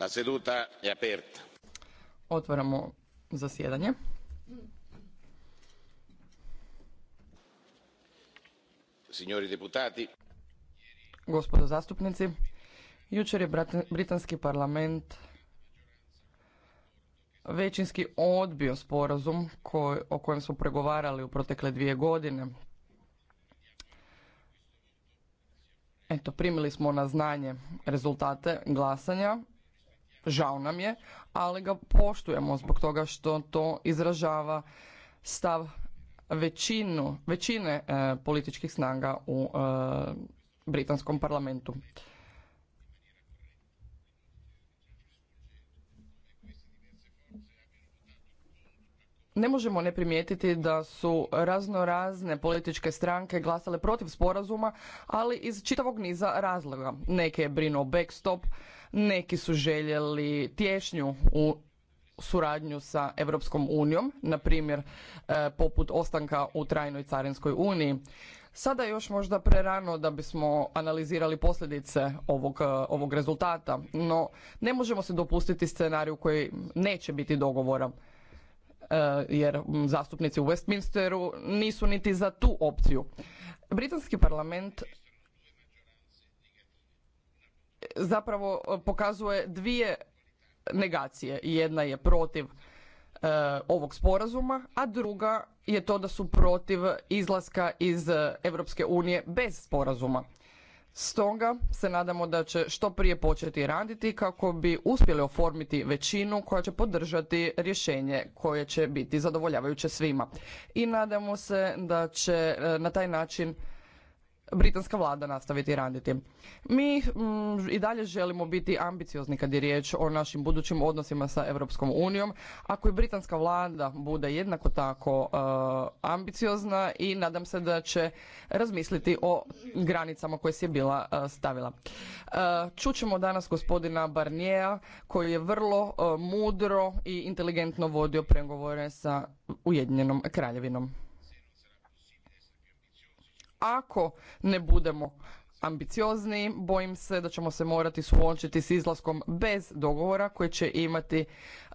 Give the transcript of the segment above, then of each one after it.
La Otvaramo zasjedanje. deputati. Gospodo zastupnici, jučer je Britanski parlament većinski odbio sporazum o kojem smo pregovarali u protekle dvije godine. Eto, primili smo na znanje rezultate glasanja Žao nam je, ali ga poštujemo zbog toga što to izražava stav većinu, većine e, političkih snaga u e, britanskom parlamentu. Ne možemo ne primijetiti da su razno razne političke stranke glasale protiv sporazuma, ali iz čitavog niza razloga. Neke je brinuo backstop, neki su željeli tješnju u suradnju sa Europskom unijom, na primjer e, poput ostanka u trajnoj carinskoj uniji. Sada je još možda prerano da bismo analizirali posljedice ovog, e, ovog rezultata, no ne možemo se dopustiti scenariju koji neće biti dogovora e, jer zastupnici u Westminsteru nisu niti za tu opciju. Britanski parlament zapravo e, pokazuje dvije negacije. Jedna je protiv e, ovog sporazuma, a druga je to da su protiv izlaska iz Europske unije bez sporazuma. Stoga se nadamo da će što prije početi raditi kako bi uspjeli oformiti većinu koja će podržati rješenje koje će biti zadovoljavajuće svima. I nadamo se da će e, na taj način britanska vlada nastaviti raditi. Mi mm, i dalje želimo biti ambiciozni kad je riječ o našim budućim odnosima sa Europskom unijom. Ako i britanska vlada bude jednako tako eh, ambiciozna i nadam se da će razmisliti o granicama koje si je bila eh, stavila. Eh, čućemo danas gospodina Barniera koji je vrlo mudro i inteligentno vodio pregovore sa Ujedinjenom kraljevinom. Ako ne budemo ambiciozni, bojim se da ćemo se morati suočiti s izlaskom bez dogovora koji će imati uh,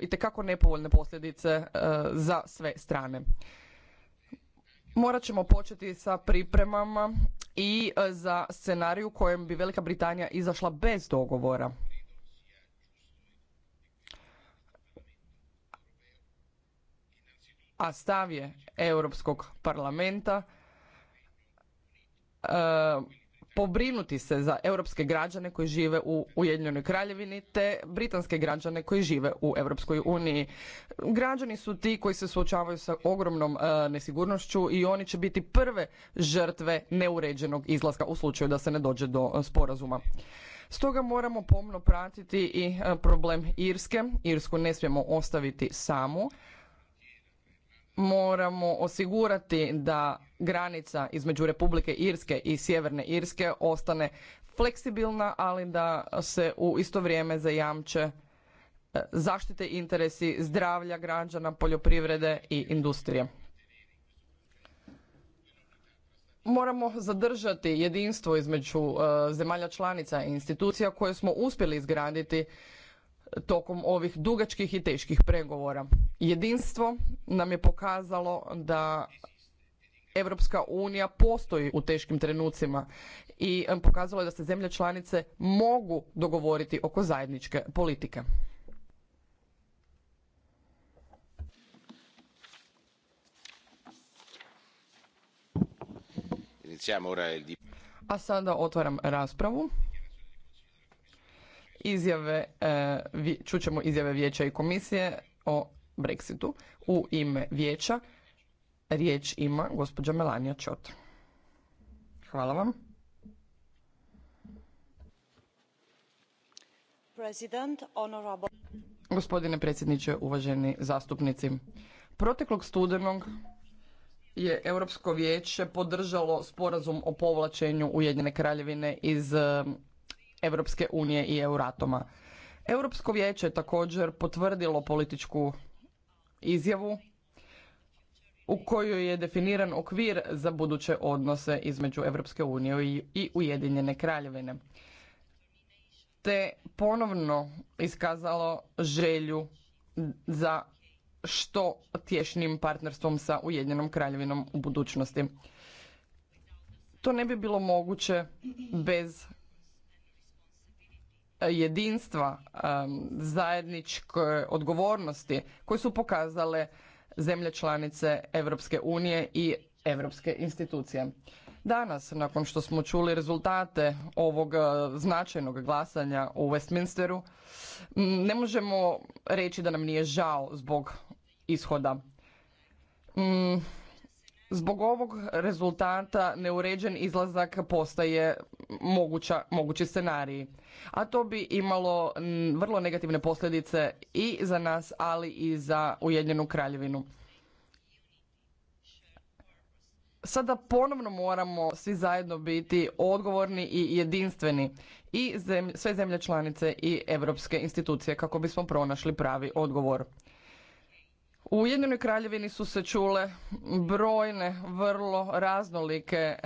itekako nepovoljne posljedice uh, za sve strane. Morat ćemo početi sa pripremama i uh, za scenariju u kojem bi Velika Britanija izašla bez dogovora. A stav je Europskog parlamenta E, pobrinuti se za europske građane koji žive u Ujedinjenoj Kraljevini te britanske građane koji žive u Europskoj uniji. Građani su ti koji se suočavaju sa ogromnom e, nesigurnošću i oni će biti prve žrtve neuređenog izlaska u slučaju da se ne dođe do e, sporazuma. Stoga moramo pomno pratiti i problem Irske. Irsku ne smijemo ostaviti samu moramo osigurati da granica između Republike Irske i Sjeverne Irske ostane fleksibilna, ali da se u isto vrijeme zajamče e, zaštite interesi zdravlja građana, poljoprivrede i industrije. Moramo zadržati jedinstvo između e, zemalja članica i institucija koje smo uspjeli izgraditi tokom ovih dugačkih i teških pregovora. Jedinstvo nam je pokazalo da Evropska unija postoji u teškim trenucima i pokazalo je da se zemlje članice mogu dogovoriti oko zajedničke politike. A sada otvaram raspravu izjave, e, čućemo izjave vijeća i komisije o Brexitu. U ime vijeća riječ ima gospođa Melania Čot. Hvala vam. Gospodine predsjedniče, uvaženi zastupnici. Proteklog studenog je Europsko vijeće podržalo sporazum o povlačenju Ujedinjene kraljevine iz Europske unije i Euratoma. Europsko vijeće je također potvrdilo političku izjavu u kojoj je definiran okvir za buduće odnose između Europske unije i Ujedinjene kraljevine. Te ponovno iskazalo želju za što tješnim partnerstvom sa Ujedinjenom kraljevinom u budućnosti. To ne bi bilo moguće bez jedinstva, zajedničke odgovornosti koje su pokazale zemlje članice Europske unije i europske institucije. Danas, nakon što smo čuli rezultate ovog eh, značajnog glasanja u Westminsteru, ne možemo reći da nam nije žao zbog ishoda. Zbog ovog rezultata neuređen izlazak postaje moguća, mogući scenariji. A to bi imalo vrlo negativne posljedice i za nas, ali i za Ujedinjenu kraljevinu. Sada ponovno moramo svi zajedno biti odgovorni i jedinstveni i sve zemlje članice i europske institucije kako bismo pronašli pravi odgovor. U Ujedinjenoj kraljevini su se čule brojne, vrlo raznolike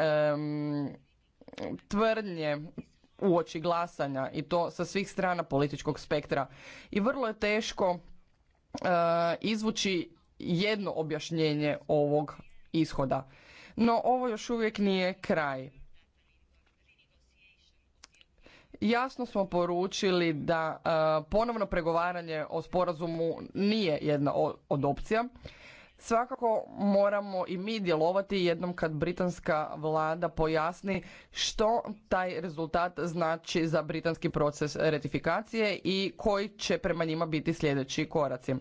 tvrdnje uoči glasanja i to sa svih strana političkog spektra. I vrlo je teško eh, izvući jedno objašnjenje ovog ishoda. No ovo još uvijek nije kraj. Jasno smo poručili da e, ponovno pregovaranje o sporazumu nije jedna od opcija. Svakako moramo i mi djelovati jednom kad britanska vlada pojasni što taj rezultat znači za britanski proces ratifikacije i koji će prema njima biti sljedeći koraci.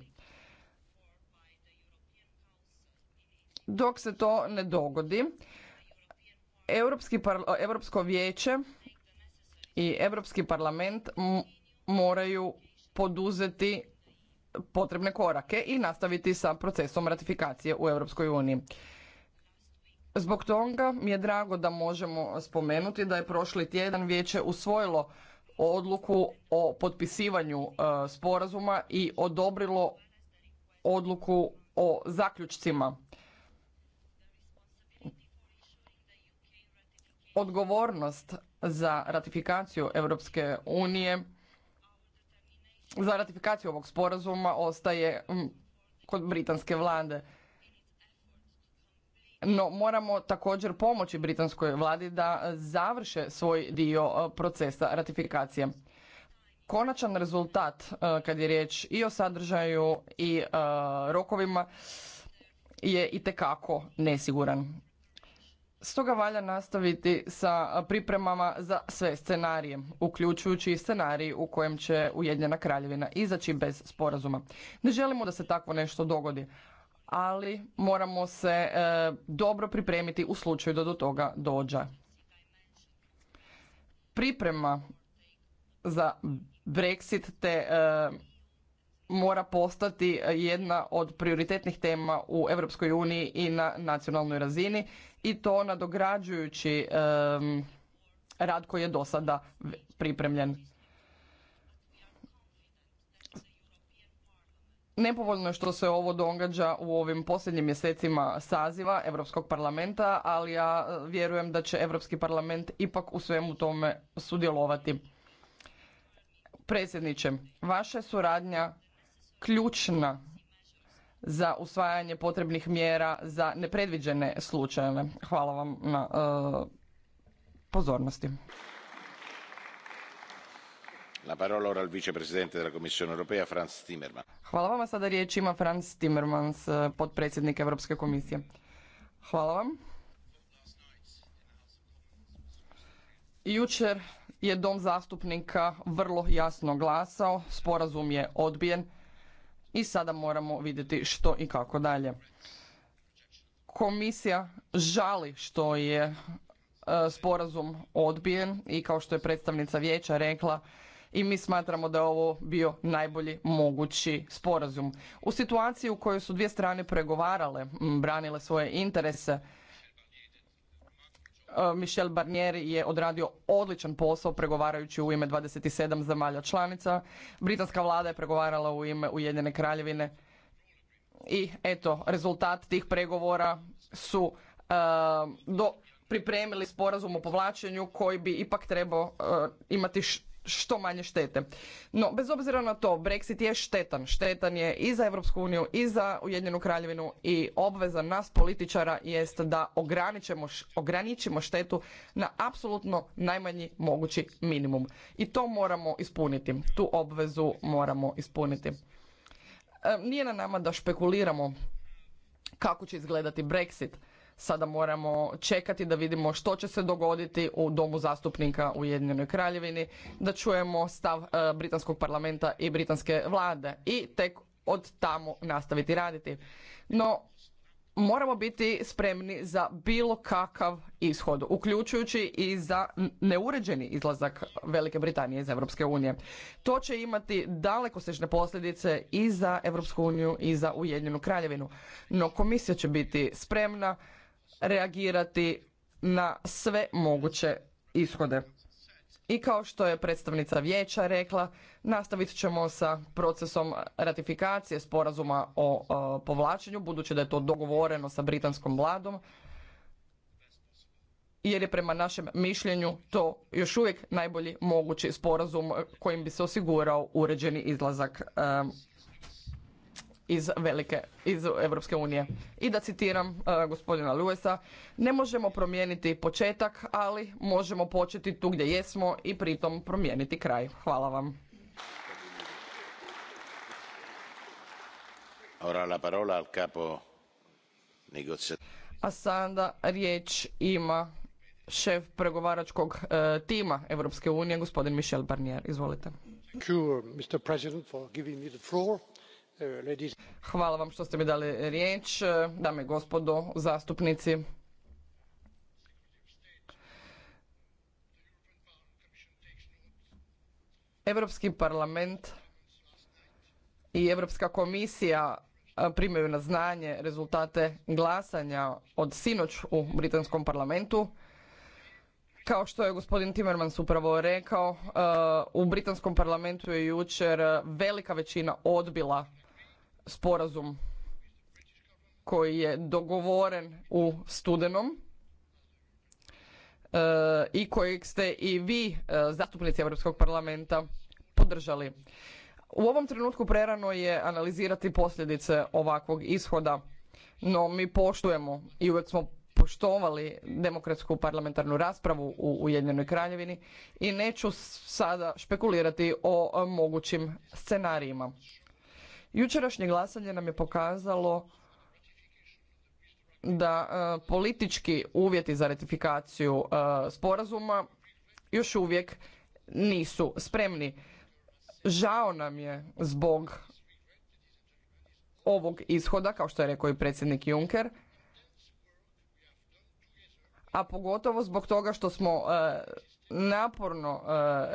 Dok se to ne dogodi, Europsko vijeće i Europski parlament moraju poduzeti potrebne korake i nastaviti sa procesom ratifikacije u Europskoj uniji. Zbog toga mi je drago da možemo spomenuti da je prošli tjedan vijeće usvojilo odluku o potpisivanju e, sporazuma i odobrilo odluku o zaključcima. Odgovornost za ratifikaciju Europske unije, za ratifikaciju ovog sporazuma ostaje mm, kod britanske vlade. No moramo također pomoći britanskoj vladi da završe svoj dio e, procesa ratifikacije. Konačan rezultat e, kad je riječ i o sadržaju i e, rokovima je itekako nesiguran. Stoga valja nastaviti sa pripremama za sve scenarije, uključujući i scenarij u kojem će Ujedinjena kraljevina izaći bez sporazuma. Ne želimo da se takvo nešto dogodi, ali moramo se e, dobro pripremiti u slučaju da do toga dođe. Priprema za Brexit te e, mora postati jedna od prioritetnih tema u Europskoj uniji i na nacionalnoj razini i to nadograđujući rad koji je do sada pripremljen. Nepovoljno je što se ovo događa u ovim posljednjim mjesecima saziva Europskog parlamenta, ali ja e, vjerujem da će Europski parlament ipak u svemu tome sudjelovati. Predsjedniče, vaša suradnja ključna za usvajanje potrebnih mjera za nepredviđene slučajeve. Hvala vam na e, pozornosti. La parola Hvala vam, sada riječ ima Franz Timmermans, e, potpredsjednik Europske komisije. Hvala vam. Jučer je dom zastupnika vrlo jasno glasao, sporazum je odbijen i sada moramo vidjeti što i kako dalje. Komisija žali što je e, sporazum odbijen i kao što je predstavnica vijeća rekla i mi smatramo da je ovo bio najbolji mogući sporazum. U situaciji u kojoj su dvije strane pregovarale, branile svoje interese, E, Michel Barnier je odradio odličan posao pregovarajući u ime 27 zemalja članica. Britanska vlada je pregovarala u ime ujedinjene kraljevine. I eto, rezultat tih pregovora su e, do, pripremili sporazum o povlačenju koji bi ipak trebao e, imati što manje štete. No, bez obzira na to, Brexit je štetan. Štetan je i za Europsku uniju i za Ujedinjenu kraljevinu i obveza nas političara jest da ograničimo, ograničimo štetu na apsolutno najmanji mogući minimum. I to moramo ispuniti. Tu obvezu moramo ispuniti. E, nije na nama da špekuliramo kako će izgledati Brexit Sada moramo čekati da vidimo što će se dogoditi u Domu zastupnika u Ujedinjenoj Kraljevini, da čujemo stav e, britanskog parlamenta i britanske vlade i tek od tamo nastaviti raditi. No, moramo biti spremni za bilo kakav ishod, uključujući i za neuređeni izlazak Velike Britanije iz Europske unije. To će imati dalekosežne posljedice i za Europsku uniju i za Ujedinjenu kraljevinu. No komisija će biti spremna reagirati na sve moguće ishode. I kao što je predstavnica vijeća rekla, nastavit ćemo sa procesom ratifikacije sporazuma o, povlačenju, budući da je to dogovoreno sa britanskom vladom, jer je prema našem mišljenju to još uvijek najbolji mogući sporazum kojim bi se osigurao uređeni izlazak iz velike iz Europske unije. I da citiram uh, gospodina Luesa, ne možemo promijeniti početak, ali možemo početi tu gdje jesmo i pritom promijeniti kraj. Hvala vam. Ora la parola al capo A sada riječ ima šef pregovaračkog uh, tima Europske unije, gospodin Michel Barnier. Izvolite. Thank you, Mr. President, for giving me the floor. Hvala vam što ste mi dali riječ, dame i gospodo zastupnici. Europski parlament i Europska komisija primaju na znanje rezultate glasanja od sinoć u Britanskom parlamentu. Kao što je gospodin Timmermans upravo rekao, u Britanskom parlamentu je jučer velika većina odbila sporazum koji je dogovoren u studenom e, i kojeg ste i vi e, zastupnici Europskog parlamenta podržali. U ovom trenutku prerano je analizirati posljedice ovakvog ishoda, no mi poštujemo i uvijek smo poštovali demokratsku parlamentarnu raspravu u Ujedinjenoj Kraljevini i neću sada špekulirati o mogućim scenarijima. Jučerašnje glasanje nam je pokazalo da e, politički uvjeti za ratifikaciju e, sporazuma još uvijek nisu spremni. Žao nam je zbog ovog ishoda, kao što je rekao i predsjednik Juncker, a pogotovo zbog toga što smo e, naporno e,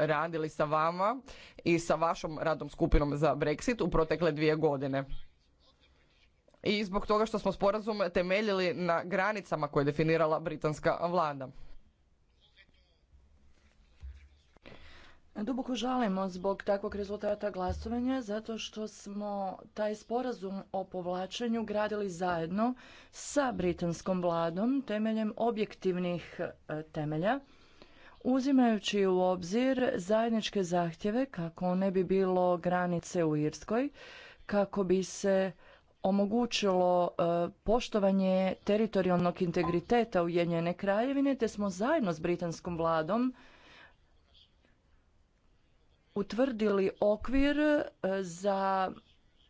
radili sa vama i sa vašom radnom skupinom za Brexit u protekle dvije godine i zbog toga što smo sporazum temeljili na granicama koje je definirala britanska vlada. Duboko žalimo zbog takvog rezultata glasovanja zato što smo taj sporazum o povlačenju gradili zajedno sa britanskom vladom temeljem objektivnih e, temelja uzimajući u obzir zajedničke zahtjeve kako ne bi bilo granice u Irskoj kako bi se omogućilo e, poštovanje teritorijalnog integriteta Ujedinjene kraljevine te smo zajedno s britanskom vladom utvrdili okvir e, za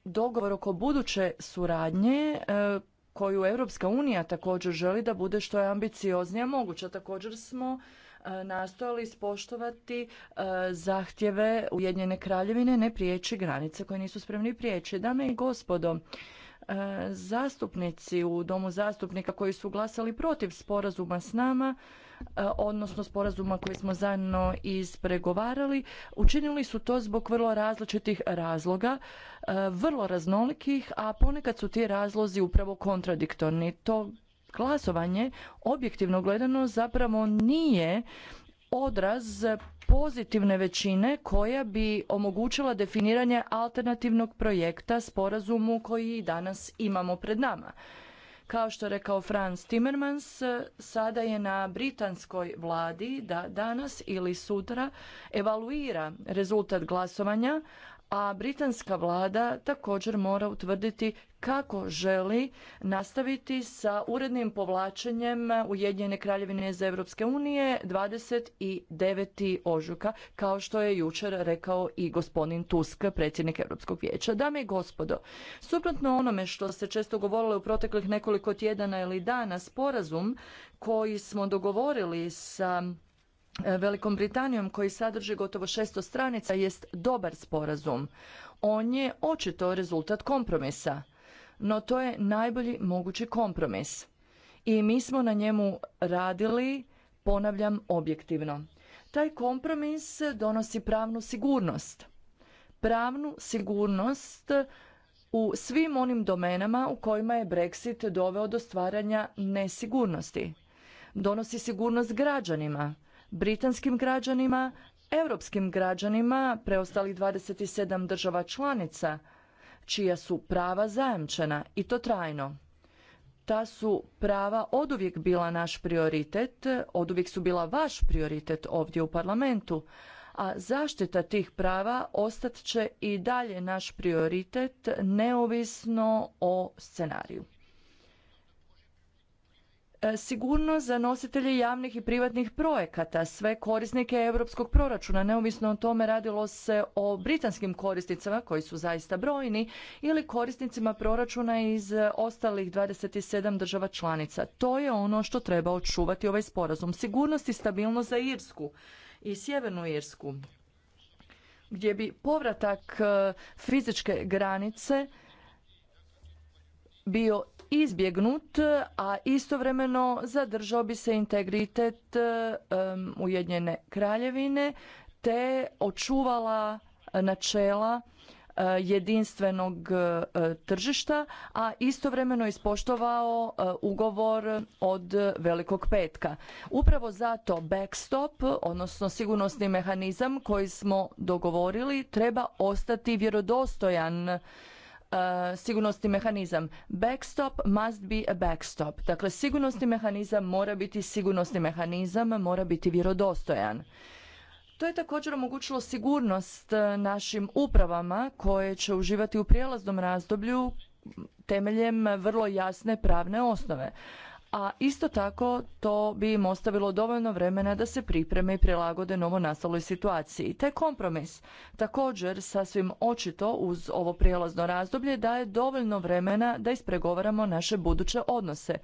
dogovor oko buduće suradnje e, koju Europska unija također želi da bude što je ambicioznija moguća. Također smo e, nastojali ispoštovati zahtjeve Ujedinjene kraljevine ne prijeći granice koje nisu spremni prijeći. Dame i gospodo, zastupnici u Domu zastupnika koji su glasali protiv sporazuma s nama E, odnosno sporazuma koji smo zajedno ispregovarali, učinili su to zbog vrlo različitih razloga, e, vrlo raznolikih, a ponekad su ti razlozi upravo kontradiktorni. To glasovanje objektivno gledano zapravo nije odraz pozitivne većine koja bi omogućila definiranje alternativnog projekta sporazumu koji danas imamo pred nama. Kao što je rekao Franz Timmermans, e, sada je na britanskoj vladi da danas ili sutra evaluira rezultat glasovanja, a britanska vlada također mora utvrditi kako želi nastaviti sa urednim povlačenjem Ujedinjene kraljevine iz Europske unije 29. ožujka, kao što je jučer rekao i gospodin Tusk, predsjednik Europskog vijeća. Dame i gospodo, suprotno onome što se često govorilo u proteklih nekoliko tjedana ili dana, sporazum koji smo dogovorili sa E, Velikom Britanijom koji sadrži gotovo 600 stranica jest dobar sporazum. On je očito rezultat kompromisa, no to je najbolji mogući kompromis. I mi smo na njemu radili, ponavljam, objektivno. Taj kompromis donosi pravnu sigurnost. Pravnu sigurnost u svim onim domenama u kojima je Brexit doveo do stvaranja nesigurnosti. Donosi sigurnost građanima britanskim građanima, europskim građanima preostalih 27 država članica čija su prava zajamčena i to trajno. Ta su prava oduvijek bila naš prioritet, oduvijek su bila vaš prioritet ovdje u parlamentu, a zaštita tih prava ostat će i dalje naš prioritet neovisno o scenariju. E, sigurnost za nositelje javnih i privatnih projekata, sve korisnike europskog proračuna, neovisno o tome radilo se o britanskim korisnicama koji su zaista brojni ili korisnicima proračuna iz ostalih 27 država članica. To je ono što treba očuvati ovaj sporazum. Sigurnost i stabilnost za Irsku i Sjevernu Irsku gdje bi povratak e, fizičke granice bio izbjegnut, a istovremeno zadržao bi se integritet Ujedinjene kraljevine te očuvala načela e, jedinstvenog e, tržišta, a istovremeno ispoštovao e, ugovor od Velikog petka. Upravo zato backstop, odnosno sigurnosni mehanizam koji smo dogovorili, treba ostati vjerodostojan Eh, sigurnosni mehanizam. Backstop must be a backstop. Dakle, sigurnosni mehanizam mora biti sigurnosni mehanizam, mora biti vjerodostojan. To je također omogućilo sigurnost eh, našim upravama koje će uživati u prijelaznom razdoblju temeljem vrlo jasne pravne osnove a isto tako to bi im ostavilo dovoljno vremena da se pripreme i prilagode novo nastaloj situaciji. Taj kompromis također sasvim očito uz ovo prijelazno razdoblje daje dovoljno vremena da ispregovaramo naše buduće odnose.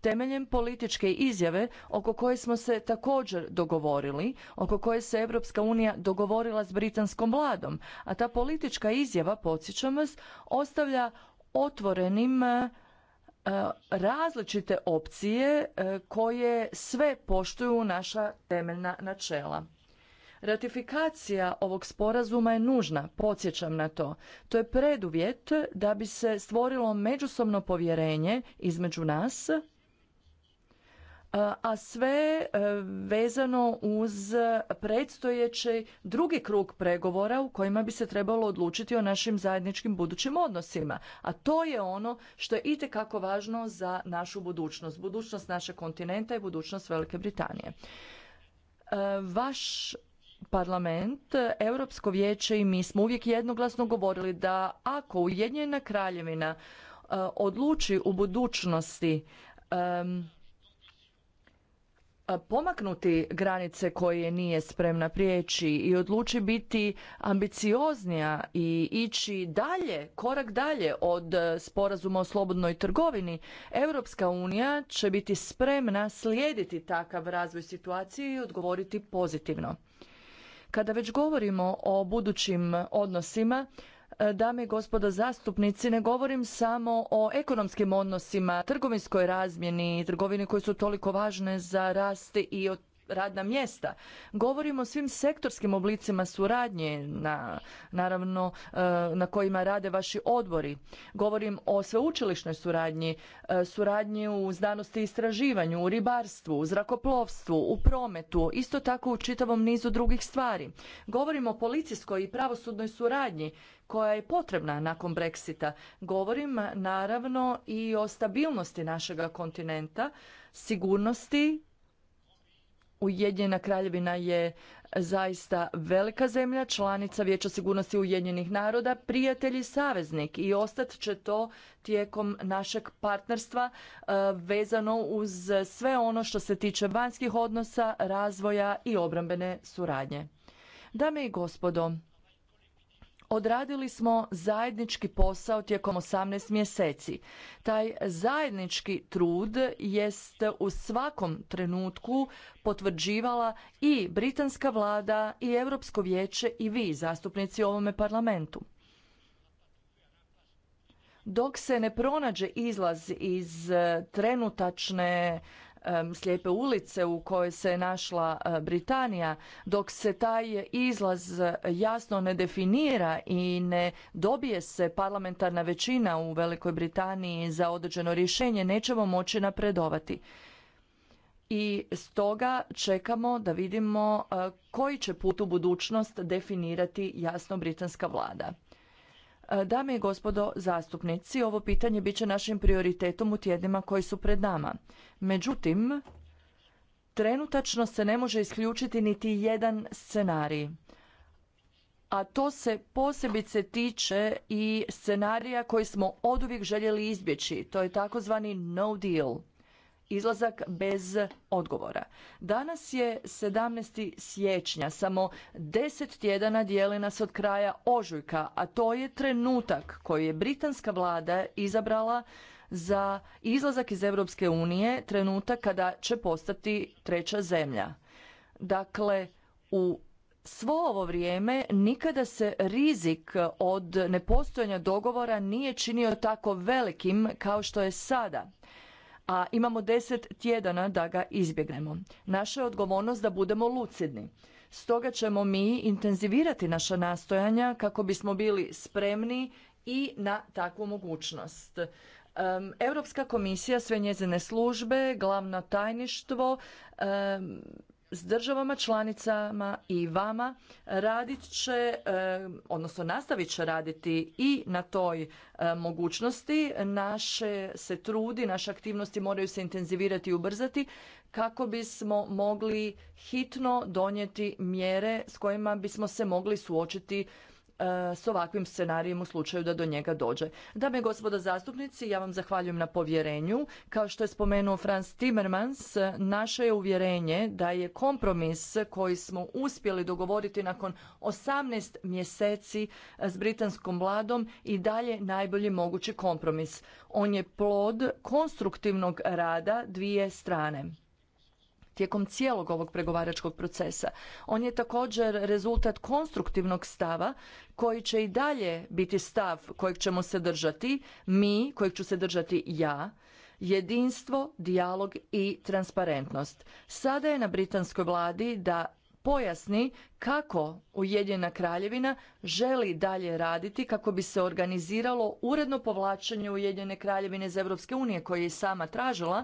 Temeljem političke izjave oko koje smo se također dogovorili, oko koje se Europska unija dogovorila s britanskom vladom, a ta politička izjava, podsjećam vas, ostavlja otvorenim E, različite opcije e, koje sve poštuju naša temeljna načela. Ratifikacija ovog sporazuma je nužna, podsjećam na to. To je preduvjet da bi se stvorilo međusobno povjerenje između nas a sve e, vezano uz predstojeći drugi krug pregovora u kojima bi se trebalo odlučiti o našim zajedničkim budućim odnosima. A to je ono što je itekako važno za našu budućnost, budućnost našeg kontinenta i budućnost Velike Britanije. E, vaš parlament, Europsko vijeće i mi smo uvijek jednoglasno govorili da ako Ujedinjena kraljevina e, odluči u budućnosti pomaknuti granice koje nije spremna prijeći i odluči biti ambicioznija i ići dalje, korak dalje od sporazuma o slobodnoj trgovini, Europska unija će biti spremna slijediti takav razvoj situacije i odgovoriti pozitivno. Kada već govorimo o budućim odnosima, E, dame i gospodo zastupnici, ne govorim samo o ekonomskim odnosima, trgovinskoj razmjeni, trgovini koje su toliko važne za rast i radna mjesta. Govorimo o svim sektorskim oblicima suradnje na, naravno e, na kojima rade vaši odbori. Govorim o sveučilišnoj suradnji, e, suradnji u znanosti i istraživanju, u ribarstvu, u zrakoplovstvu, u prometu, isto tako u čitavom nizu drugih stvari. Govorimo o policijskoj i pravosudnoj suradnji koja je potrebna nakon Brexita. Govorim naravno i o stabilnosti našega kontinenta, sigurnosti Ujedinjena kraljevina je zaista velika zemlja, članica Vijeća sigurnosti Ujedinjenih naroda, prijatelj i saveznik i ostat će to tijekom našeg partnerstva e, vezano uz sve ono što se tiče vanjskih odnosa, razvoja i obrambene suradnje. Dame i gospodo, Odradili smo zajednički posao tijekom 18 mjeseci. Taj zajednički trud jest u svakom trenutku potvrđivala i britanska vlada i Europsko vijeće i vi zastupnici u ovome parlamentu. Dok se ne pronađe izlaz iz e, trenutačne slijepe ulice u kojoj se našla e, Britanija, dok se taj izlaz jasno ne definira i ne dobije se parlamentarna većina u Velikoj Britaniji za određeno rješenje, nećemo moći napredovati i stoga čekamo da vidimo e, koji će put u budućnost definirati jasno britanska vlada. E, dame i gospodo zastupnici, ovo pitanje bit će našim prioritetom u tjednima koji su pred nama. Međutim, trenutačno se ne može isključiti niti jedan scenarij. A to se posebice tiče i scenarija koji smo oduvijek željeli izbjeći. To je takozvani no deal izlazak bez odgovora. Danas je 17. siječnja, samo 10 tjedana dijeli nas od kraja ožujka, a to je trenutak koji je britanska vlada izabrala za izlazak iz Europske unije, trenutak kada će postati treća zemlja. Dakle, u svo ovo vrijeme nikada se rizik od nepostojanja dogovora nije činio tako velikim kao što je sada a imamo deset tjedana da ga izbjegnemo. Naša je odgovornost da budemo lucidni. Stoga ćemo mi intenzivirati naša nastojanja kako bismo bili spremni i na takvu mogućnost. Europska komisija, sve njezine službe, glavno tajništvo, s državama članicama i vama radit će, eh, odnosno nastavit će raditi i na toj eh, mogućnosti. Naše se trudi, naše aktivnosti moraju se intenzivirati i ubrzati kako bismo mogli hitno donijeti mjere s kojima bismo se mogli suočiti E, s ovakvim scenarijem u slučaju da do njega dođe. Dame i gospodo zastupnici, ja vam zahvaljujem na povjerenju. Kao što je spomenuo Franz Timmermans, naše je uvjerenje da je kompromis koji smo uspjeli dogovoriti nakon 18 mjeseci e, s britanskom vladom i dalje najbolji mogući kompromis. On je plod konstruktivnog rada dvije strane tijekom cijelog ovog pregovaračkog procesa. On je također rezultat konstruktivnog stava koji će i dalje biti stav kojeg ćemo se držati mi, kojeg ću se držati ja, jedinstvo, dijalog i transparentnost. Sada je na britanskoj vladi da pojasni kako Ujedinjena kraljevina želi dalje raditi kako bi se organiziralo uredno povlačenje Ujedinjene kraljevine iz Europske unije koje je sama tražila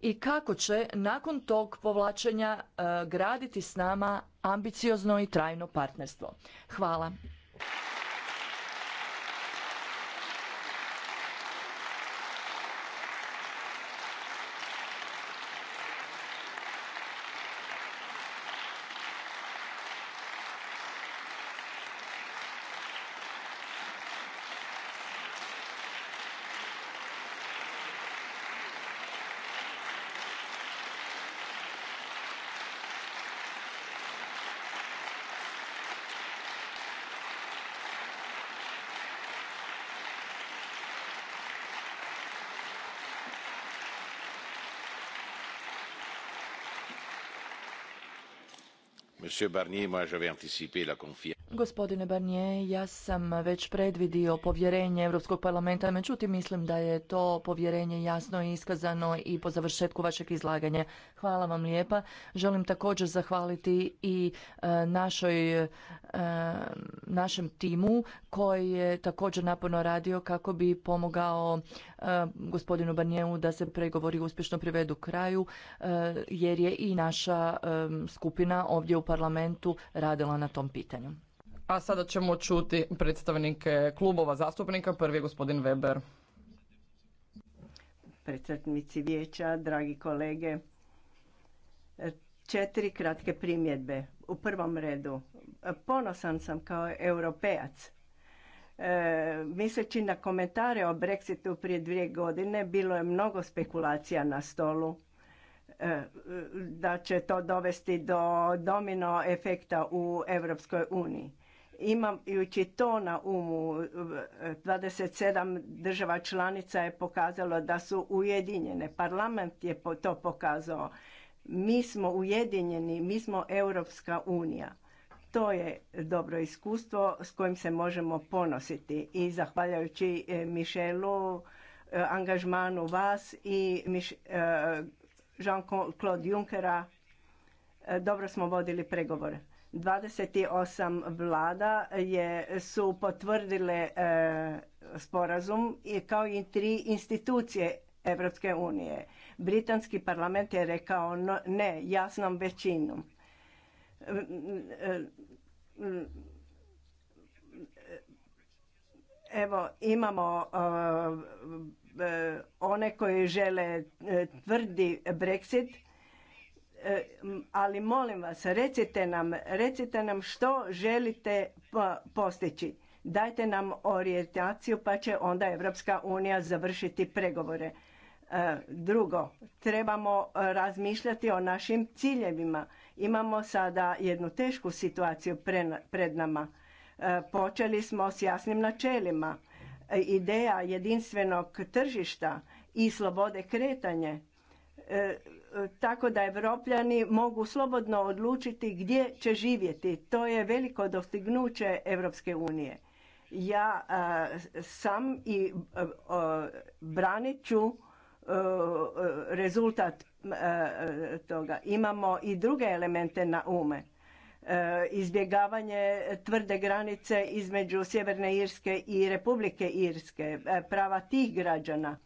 i kako će nakon tog povlačenja e, graditi s nama ambiciozno i trajno partnerstvo. Hvala. Gospodine Barnier, ja sam već predvidio povjerenje Europskog parlamenta, međutim mislim da je to povjerenje jasno iskazano i po završetku vašeg izlaganja. Hvala vam lijepa. Želim također zahvaliti i e, našoj, e, našem timu koji je također naporno radio kako bi pomogao E, gospodinu Barnjeu da se pregovori uspješno privedu kraju e, jer je i naša e, skupina ovdje u parlamentu radila na tom pitanju. A sada ćemo čuti predstavnike klubova zastupnika. Prvi je gospodin Weber. Predsjednici vijeća, dragi kolege, četiri kratke primjedbe. U prvom redu, ponosan sam kao europejac E, misleći na komentare o Brexitu prije dvije godine, bilo je mnogo spekulacija na stolu e, da će to dovesti do domino efekta u Europskoj uniji. Imajući to na umu, 27 država članica je pokazalo da su ujedinjene. Parlament je to pokazao. Mi smo ujedinjeni, mi smo Europska unija to je dobro iskustvo s kojim se možemo ponositi i zahvaljujući e, Mišelu, e, angažmanu vas i e, Jean-Claude Junckera dobro smo vodili pregovore. 28 vlada je, su potvrdile sporazum i kao i tri institucije Europske unije. Britanski parlament je rekao ne jasnom većinom. Evo, imamo e, e, one koji žele e, tvrdi Brexit, ali molim vas, recite nam, recite nam što želite postići. Dajte nam orijentaciju pa će onda Evropska unija završiti pregovore. Drugo, trebamo razmišljati o našim ciljevima Imamo sada jednu tešku situaciju pred nama. E, počeli smo s jasnim načelima. E, ideja jedinstvenog tržišta i slobode kretanje e, tako da evropljani mogu slobodno odlučiti gdje će živjeti. To je veliko dostignuće Europske unije. Ja sam i branit ću E, rezultat e, toga. Imamo i druge elemente na ume. E, izbjegavanje tvrde granice između Sjeverne Irske i Republike Irske, prava tih građana.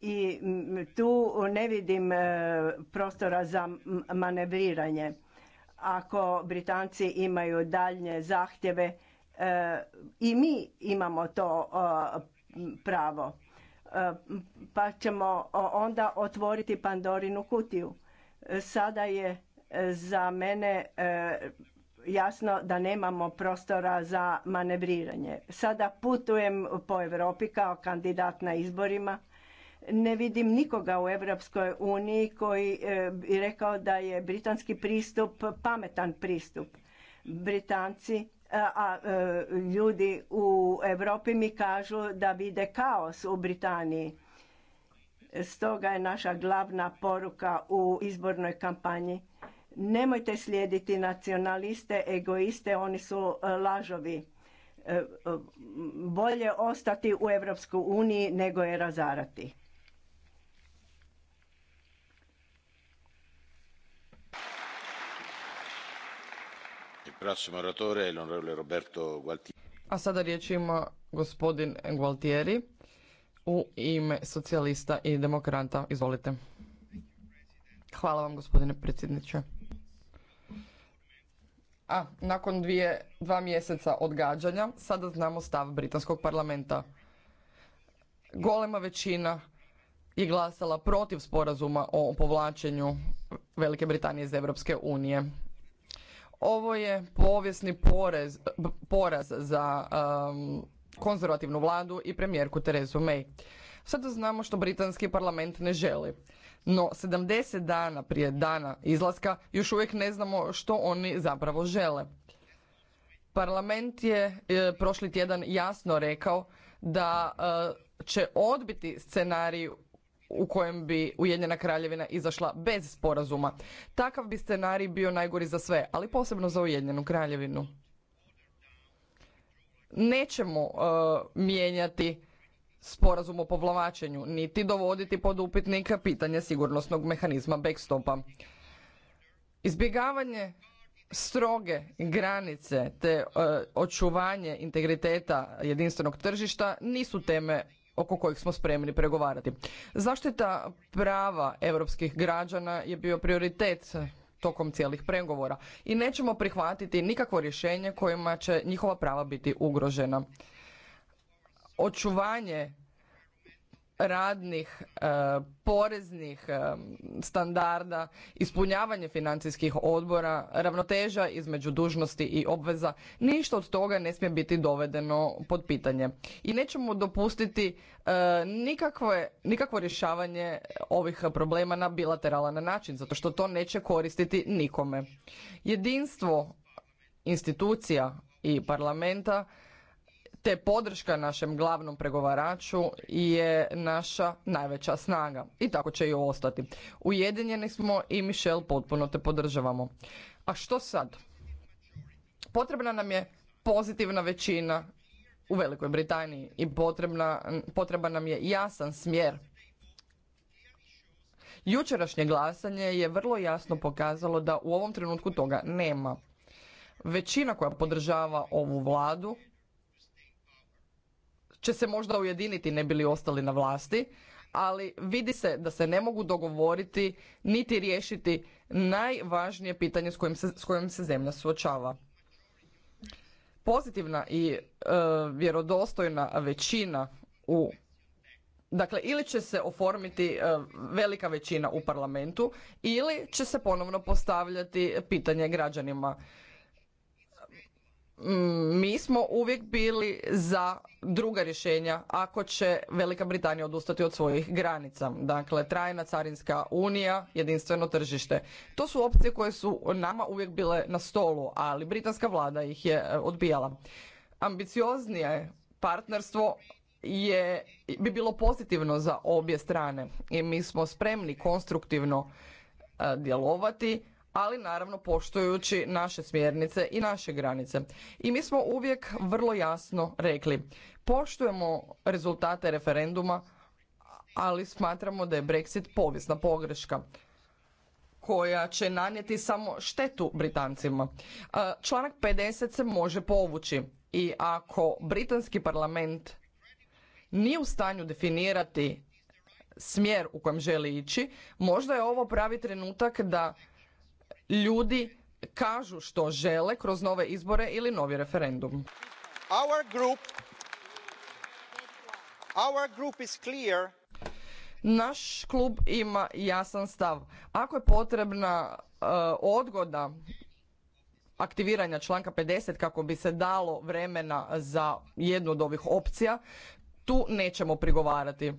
I tu ne vidim prostora za manevriranje. Ako Britanci imaju daljnje zahtjeve, i mi imamo to pravo E, pa ćemo onda otvoriti Pandorinu kutiju. E, sada je e, za mene jasno da nemamo prostora za manevriranje. Sada putujem po Europi kao kandidat na izborima. Ne vidim nikoga u Europskoj uniji koji bi rekao da je britanski pristup pametan pristup. Britanci a e, ljudi u Europi mi kažu da vide kaos u Britaniji. Stoga je naša glavna poruka u izbornoj kampanji. Nemojte slijediti nacionaliste, egoiste, oni su e, lažovi. E, bolje ostati u Europskoj uniji nego je razarati. A sada riječ ima gospodin Gualtieri u ime socijalista i demokrata. Izvolite. Hvala vam gospodine predsjedniče. A, nakon dvije, dva mjeseca odgađanja, sada znamo stav Britanskog parlamenta. Golema većina je glasala protiv sporazuma o povlačenju Velike Britanije iz Europske unije. Ovo je povijesni porez, poraz za um, konzervativnu vladu i premijerku Terezu May. Sada znamo što britanski parlament ne želi. No 70 dana prije dana izlaska još uvijek ne znamo što oni zapravo žele. Parlament je e, prošli tjedan jasno rekao da e, će odbiti scenarij u kojem bi Ujedinjena kraljevina izašla bez sporazuma. Takav bi scenarij bio najgori za sve, ali posebno za Ujedinjenu kraljevinu. Nećemo uh, mijenjati sporazum o povlavačenju, niti dovoditi pod upitnika pitanje sigurnosnog mehanizma backstopa. Izbjegavanje stroge granice te uh, očuvanje integriteta jedinstvenog tržišta nisu teme oko kojih smo spremni pregovarati. Zaštita prava europskih građana je bio prioritet tokom cijelih pregovora i nećemo prihvatiti nikakvo rješenje kojima će njihova prava biti ugrožena. Očuvanje radnih, e, poreznih e, standarda, ispunjavanje financijskih odbora, ravnoteža između dužnosti i obveza, ništa od toga ne smije biti dovedeno pod pitanje. I nećemo dopustiti e, nikakvo rješavanje ovih problema na bilateralan način, zato što to neće koristiti nikome. Jedinstvo institucija i parlamenta te podrška našem glavnom pregovaraču je naša najveća snaga. I tako će i ostati. Ujedinjeni smo i Michel potpuno te podržavamo. A što sad? Potrebna nam je pozitivna većina u Velikoj Britaniji i potrebna, potreba nam je jasan smjer. Jučerašnje glasanje je vrlo jasno pokazalo da u ovom trenutku toga nema. Većina koja podržava ovu vladu će se možda ujediniti ne bili ostali na vlasti, ali vidi se da se ne mogu dogovoriti niti riješiti najvažnije pitanje s kojim se, s kojim se zemlja suočava. Pozitivna i e, vjerodostojna većina u Dakle, ili će se oformiti e, velika većina u parlamentu ili će se ponovno postavljati pitanje građanima. Mm, mi smo uvijek bili za druga rješenja ako će Velika Britanija odustati od svojih granica. Dakle, trajna carinska unija, jedinstveno tržište. To su opcije koje su nama uvijek bile na stolu, ali britanska vlada ih je e, odbijala. Ambicioznije partnerstvo je, bi bilo pozitivno za obje strane i mi smo spremni konstruktivno e, djelovati ali naravno poštujući naše smjernice i naše granice. I mi smo uvijek vrlo jasno rekli, poštujemo rezultate referenduma, ali smatramo da je Brexit povijesna pogreška koja će nanijeti samo štetu Britancima. E, članak 50 se može povući i ako britanski parlament nije u stanju definirati smjer u kojem želi ići, možda je ovo pravi trenutak da ljudi kažu što žele kroz nove izbore ili novi referendum. Our group, is clear. Naš klub ima jasan stav. Ako je potrebna eh, odgoda aktiviranja članka 50 kako bi se dalo vremena za jednu od ovih opcija, tu nećemo prigovarati.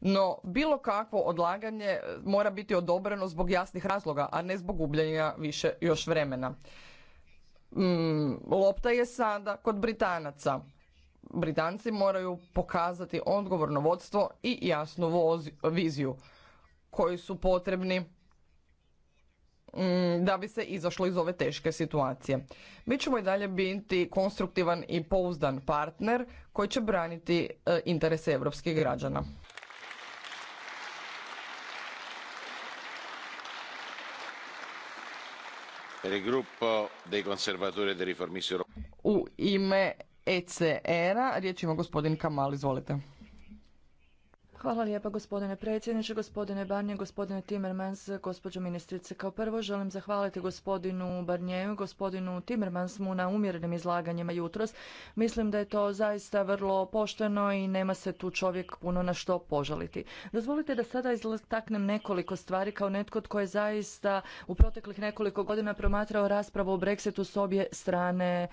No, bilo kakvo odlaganje eh, mora biti odobreno zbog jasnih razloga, a ne zbog gubljenja više još vremena. Mm, lopta je sada kod Britanaca. Britanci moraju pokazati odgovorno vodstvo i jasnu viziju koji su potrebni Mm, da bi se izašlo iz ove teške situacije. Mi ćemo i dalje biti konstruktivan i pouzdan partner koji će braniti e, interese europskih građana. E U ime ECR-a riječ ima gospodin Kamal, izvolite. Hvala lijepa gospodine predsjedniče, gospodine Barnje gospodine Timmermans, gospođo ministrice. Kao prvo želim zahvaliti gospodinu Barnjeju, gospodinu Timmermansmu na umjerenim izlaganjima jutros. Mislim da je to zaista vrlo pošteno i nema se tu čovjek puno na što požaliti. Dozvolite da sada izlaknem nekoliko stvari kao netko tko je zaista u proteklih nekoliko godina promatrao raspravu o Brexitu s obje strane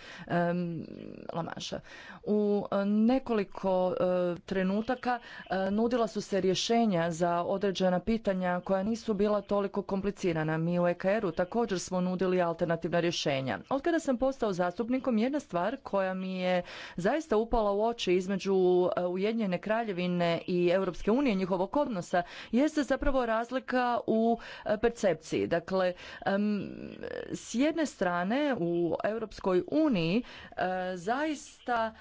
Lamaša. U e, nekoliko e, trenutaka uh, su se rješenja za određena pitanja koja nisu bila toliko komplicirana. Mi u EKR-u također smo nudili alternativna rješenja. Od kada sam postao zastupnikom, jedna stvar koja mi je zaista upala u oči između e, Ujedinjene kraljevine i Europske unije njihovog odnosa jeste zapravo razlika u e, percepciji. Dakle, s jedne strane u Europskoj uniji e, zaista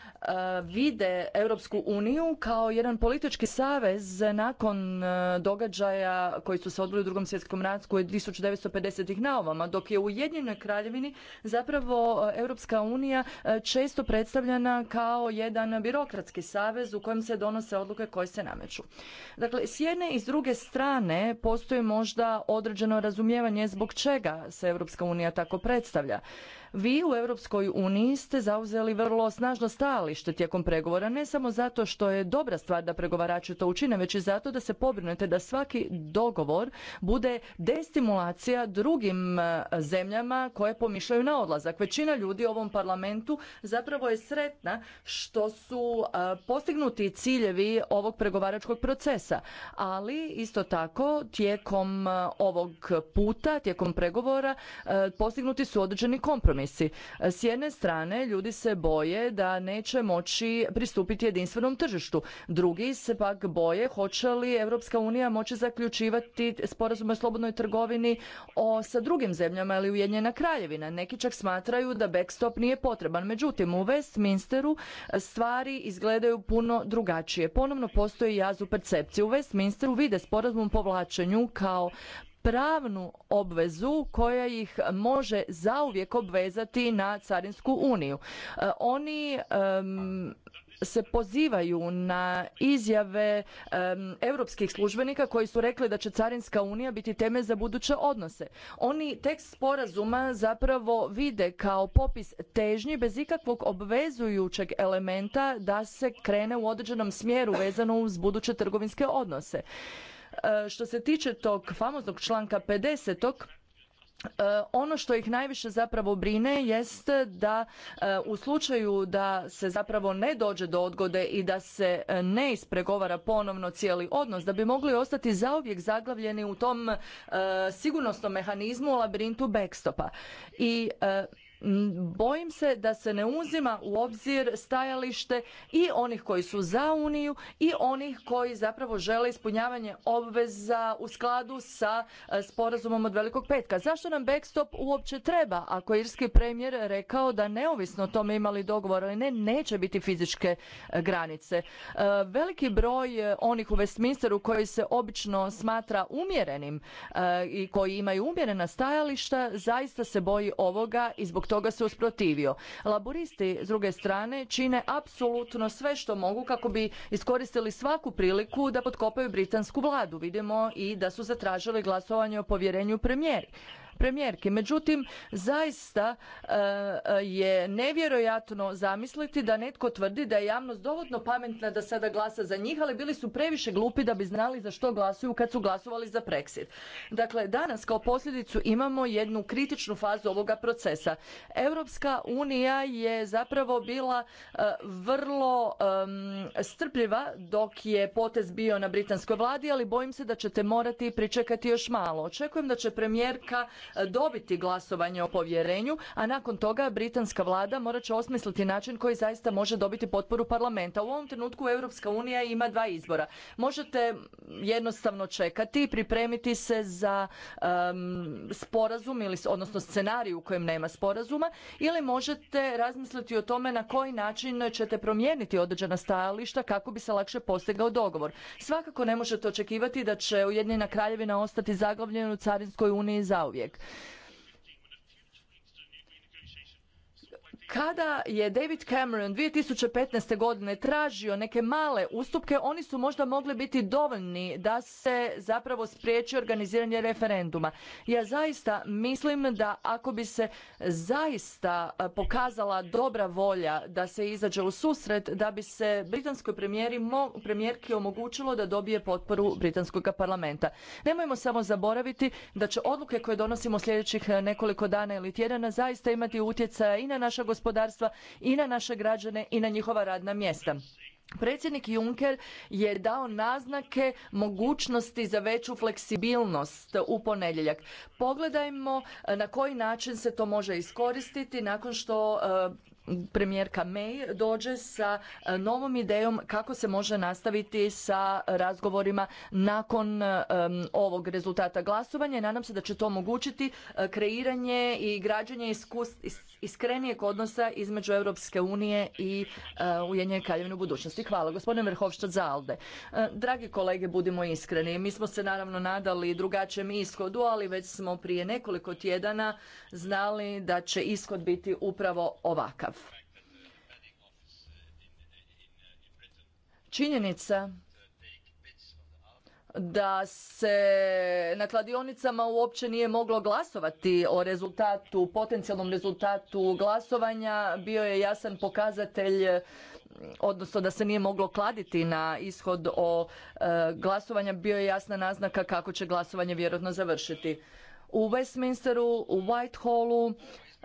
vide Europsku uniju kao jedan politički savez savez nakon e, događaja koji su se odbili u drugom svjetskom ratu od 1950-ih na ovama, dok je u Ujedinjenoj kraljevini zapravo e, Europska unija e, često predstavljena kao jedan birokratski savez u kojem se donose odluke koje se nameću. Dakle, s jedne i s druge strane postoji možda određeno razumijevanje zbog čega se Europska unija tako predstavlja. Vi u Europskoj uniji ste zauzeli vrlo snažno stajalište tijekom pregovora, ne samo zato što je dobra stvar da pregovarači to učine, već i zato da se pobrinete da svaki dogovor bude destimulacija drugim e, zemljama koje pomišljaju na odlazak. Većina ljudi u ovom parlamentu zapravo je sretna što su e, postignuti ciljevi ovog pregovaračkog procesa, ali isto tako tijekom e, ovog puta, tijekom pregovora postignuti su određeni kompromis kompromisi. S jedne strane ljudi se boje da neće moći pristupiti jedinstvenom tržištu. Drugi se pak boje hoće li Evropska unija moći zaključivati sporazume o slobodnoj trgovini sa drugim zemljama ili Ujedinjena kraljevina. Neki čak smatraju da backstop nije potreban. Međutim, u Westminsteru stvari izgledaju puno drugačije. Ponovno postoji jaz u percepciji. U Westminsteru vide sporazum o povlačenju kao pravnu obvezu koja ih može zauvijek obvezati na carinsku uniju. E, oni se pozivaju na izjave europskih službenika koji su rekli da će carinska unija biti temelj za buduće odnose. Oni tekst sporazuma zapravo vide kao popis težnji bez ikakvog obvezujućeg elementa da se krene u određenom smjeru vezano uz buduće trgovinske odnose. E, što se tiče tog famoznog članka 50. E, ono što ih najviše zapravo brine jest da e, u slučaju da se zapravo ne dođe do odgode i da se ne ispregovara ponovno cijeli odnos, da bi mogli ostati zauvijek zaglavljeni u tom sigurnosnom mehanizmu labirintu backstopa. I bojim se da se ne uzima u obzir stajalište i onih koji su za Uniju i onih koji zapravo žele ispunjavanje obveza u skladu sa e, sporazumom od Velikog petka. Zašto nam backstop uopće treba ako je irski premijer rekao da neovisno o tome imali dogovor ali ne, neće biti fizičke e, granice. E, veliki broj onih u Westminsteru koji se obično smatra umjerenim i koji imaju umjerena stajališta zaista se boji ovoga i zbog toga se usprotivio. Laburisti s druge strane čine apsolutno sve što mogu kako bi iskoristili svaku priliku da potkopaju britansku vladu. Vidimo i da su zatražili glasovanje o povjerenju premijeri premijerki. Međutim, zaista eh, je nevjerojatno zamisliti da netko tvrdi da je javnost dovoljno pametna da sada glasa za njih, ali bili su previše glupi da bi znali za što glasuju kad su glasovali za Brexit. Dakle, danas kao posljedicu imamo jednu kritičnu fazu ovoga procesa. Europska unija je zapravo bila eh, vrlo strpljiva dok je potez bio na britanskoj vladi, ali bojim se da ćete morati pričekati još malo. Očekujem da će premijerka E, dobiti glasovanje o povjerenju, a nakon toga britanska vlada morat će osmisliti način koji zaista može dobiti potporu parlamenta. U ovom trenutku Europska unija ima dva izbora. Možete jednostavno čekati i pripremiti se za sporazum ili odnosno scenariju u kojem nema sporazuma ili možete razmisliti o tome na koji način ćete promijeniti određena stajališta kako bi se lakše postigao dogovor. Svakako ne možete očekivati da će Ujedinjena kraljevina ostati zaglavljena u Carinskoj uniji zauvijek. Hvala Kada je David Cameron 2015. godine tražio neke male ustupke, oni su možda mogli biti dovoljni da se zapravo spriječi organiziranje referenduma. Ja zaista mislim da ako bi se zaista pokazala dobra volja da se izađe u susret, da bi se britanskoj premijerki omogućilo da dobije potporu britanskog parlamenta. Nemojmo samo zaboraviti da će odluke koje donosimo sljedećih nekoliko dana ili tjedana zaista imati utjecaja i na naša gospodarstva i na naše građane i na njihova radna mjesta. Predsjednik Juncker je dao naznake mogućnosti za veću fleksibilnost u ponedjeljak. Pogledajmo na koji način se to može iskoristiti nakon što e, premijerka May dođe sa e, novom idejom kako se može nastaviti sa razgovorima nakon e, ovog rezultata glasovanja i nadam se da će to omogućiti e, kreiranje i građenje iskrenijeg odnosa između Europske unije i Ujedinjene kraljevine u budućnosti. Hvala. Gospodine Verhofstadt za Alde. Dragi kolege, budimo iskreni. Mi smo se naravno nadali drugačijem ishodu, ali već smo prije nekoliko tjedana znali da će ishod biti upravo ovakav. Činjenica da se na kladionicama uopće nije moglo glasovati o rezultatu, potencijalnom rezultatu glasovanja, bio je jasan pokazatelj odnosno da se nije moglo kladiti na ishod o e, glasovanja, bio je jasna naznaka kako će glasovanje vjerojatno završiti. U Westminsteru, u Whitehallu,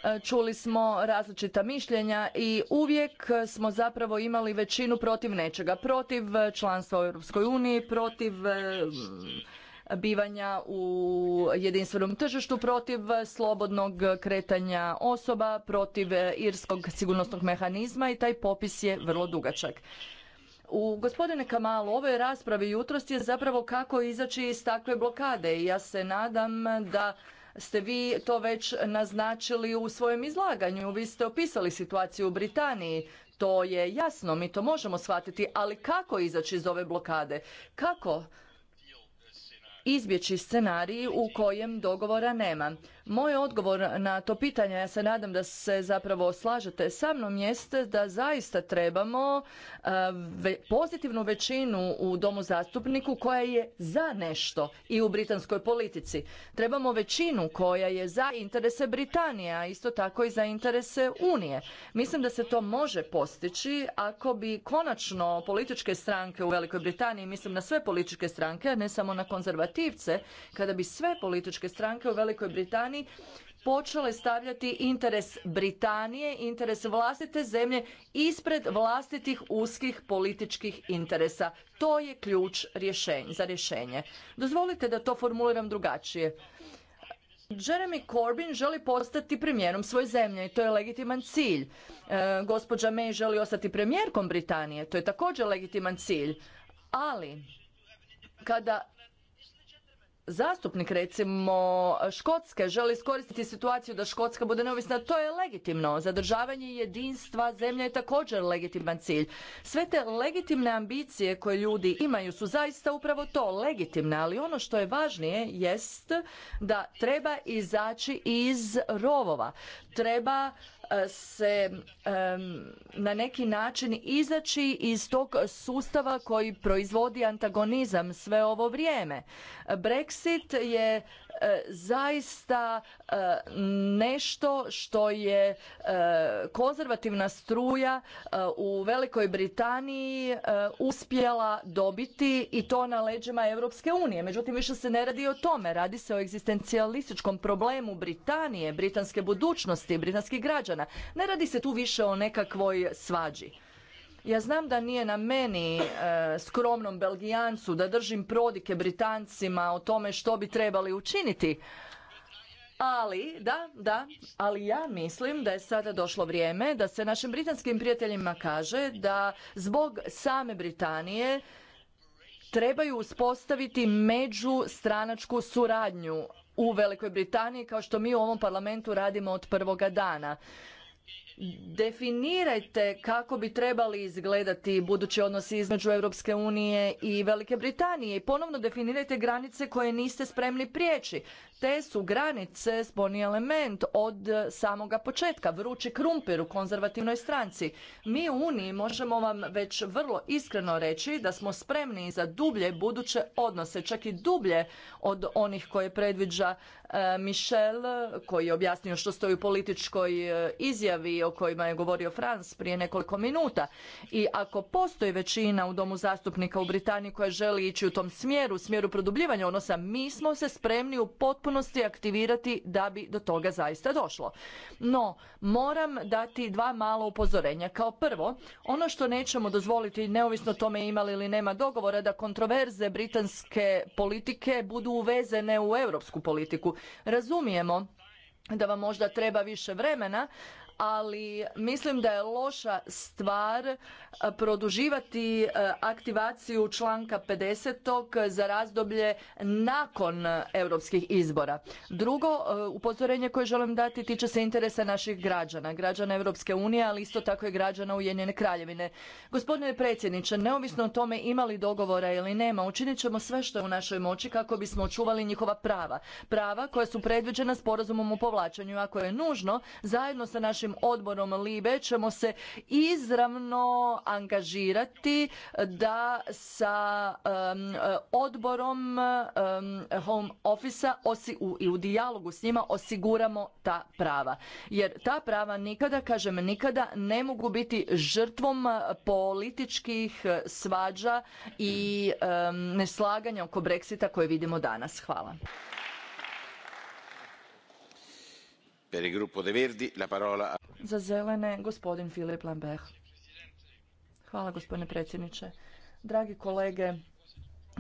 E, čuli smo različita mišljenja i uvijek smo zapravo imali većinu protiv nečega, protiv e, članstva u Europskoj uniji, protiv e, bivanja u jedinstvenom tržištu protiv slobodnog kretanja osoba, protiv irskog sigurnosnog mehanizma i taj popis je vrlo dugačak. U gospodine Kamalu, ovoj raspravi jutros je zapravo kako izaći iz takve blokade i ja se nadam da ste vi to već naznačili u svojem izlaganju. Vi ste opisali situaciju u Britaniji. To je jasno, mi to možemo shvatiti, ali kako izaći iz ove blokade? Kako izbjeći scenarij u kojem dogovora nema? Moj odgovor na to pitanje, ja se nadam da se zapravo slažete sa mnom, jeste da zaista trebamo pozitivnu većinu u domu zastupniku koja je za nešto i u britanskoj politici. Trebamo većinu koja je za interese Britanije, a isto tako i za interese Unije. Mislim da se to može postići ako bi konačno političke stranke u Velikoj Britaniji, mislim na sve političke stranke, a ne samo na konzervativce, kada bi sve političke stranke u Velikoj Britaniji strani počele stavljati interes Britanije, interes vlastite zemlje ispred vlastitih uskih političkih interesa. To je ključ rješenj, za rješenje. Dozvolite da to formuliram drugačije. Jeremy Corbyn želi postati premijerom svoje zemlje i to je legitiman cilj. E, gospođa May želi ostati premijerkom Britanije, to je također legitiman cilj. Ali kada zastupnik recimo Škotske želi iskoristiti situaciju da Škotska bude neovisna, to je legitimno. Zadržavanje jedinstva zemlje je također legitiman cilj. Sve te legitimne ambicije koje ljudi imaju su zaista upravo to, legitimne, ali ono što je važnije jest da treba izaći iz rovova treba e, se na neki način izaći iz tog sustava koji proizvodi antagonizam sve ovo vrijeme. Brexit je e, zaista e, nešto što je konzervativna struja u Velikoj Britaniji uspjela dobiti i to na leđima Europske unije. Međutim, više se ne radi o tome. Radi se o egzistencijalističkom problemu Britanije, britanske budućnosti sigurnosti britanskih građana. Ne radi se tu više o nekakvoj svađi. Ja znam da nije na meni e, skromnom Belgijancu da držim prodike Britancima o tome što bi trebali učiniti. Ali, da, da, ali ja mislim da je sada došlo vrijeme da se našim britanskim prijateljima kaže da zbog same Britanije trebaju uspostaviti međustranačku suradnju u Velikoj Britaniji kao što mi u ovom parlamentu radimo od prvoga dana definirajte kako bi trebali izgledati budući odnosi između Europske unije i Velike Britanije i ponovno definirajte granice koje niste spremni prijeći. Te su granice sponi element od samoga početka, vrući krumpir u konzervativnoj stranci. Mi u Uniji možemo vam već vrlo iskreno reći da smo spremni za dublje buduće odnose, čak i dublje od onih koje predviđa E, Michel, koji je objasnio što stoji u političkoj e, izjavi o kojima je govorio Franz prije nekoliko minuta. I ako postoji većina u Domu zastupnika u Britaniji koja želi ići u tom smjeru, smjeru produbljivanja odnosa, mi smo se spremni u potpunosti aktivirati da bi do toga zaista došlo. No, moram dati dva malo upozorenja. Kao prvo, ono što nećemo dozvoliti, neovisno tome imali ili nema dogovora, da kontroverze britanske politike budu uvezene u europsku politiku. Razumijemo da vam možda treba više vremena, ali mislim da je loša stvar eh, produživati eh, aktivaciju članka 50. za razdoblje nakon europskih izbora. Drugo, eh, upozorenje koje želim dati tiče se interesa naših građana, građana Europske unije, ali isto tako i građana Ujedinjene kraljevine. Gospodine predsjedniče, neovisno o tome ima li dogovora ili nema, učinit ćemo sve što je u našoj moći kako bismo očuvali njihova prava. Prava koja su predviđena sporazumom o povlačenju. Ako je nužno, zajedno sa našim našim odborom Libe ćemo se izravno angažirati da sa odborom home office i u dijalogu s njima osiguramo ta prava. Jer ta prava nikada, kažem nikada, ne mogu biti žrtvom političkih svađa i neslaganja oko Brexita koje vidimo danas. Hvala. Za zelene, gospodin Filip Hvala, gospodine predsjedniče. Dragi kolege,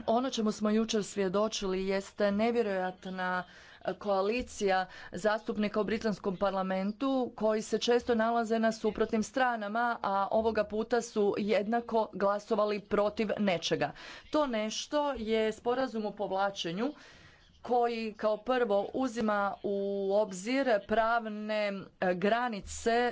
ono čemu smo jučer svjedočili jeste nevjerojatna e, koalicija zastupnika u britanskom parlamentu koji se često nalaze na suprotnim stranama, a ovoga puta su jednako glasovali protiv nečega. To nešto je sporazum o povlačenju koji kao prvo uzima u obzir pravne e, granice e,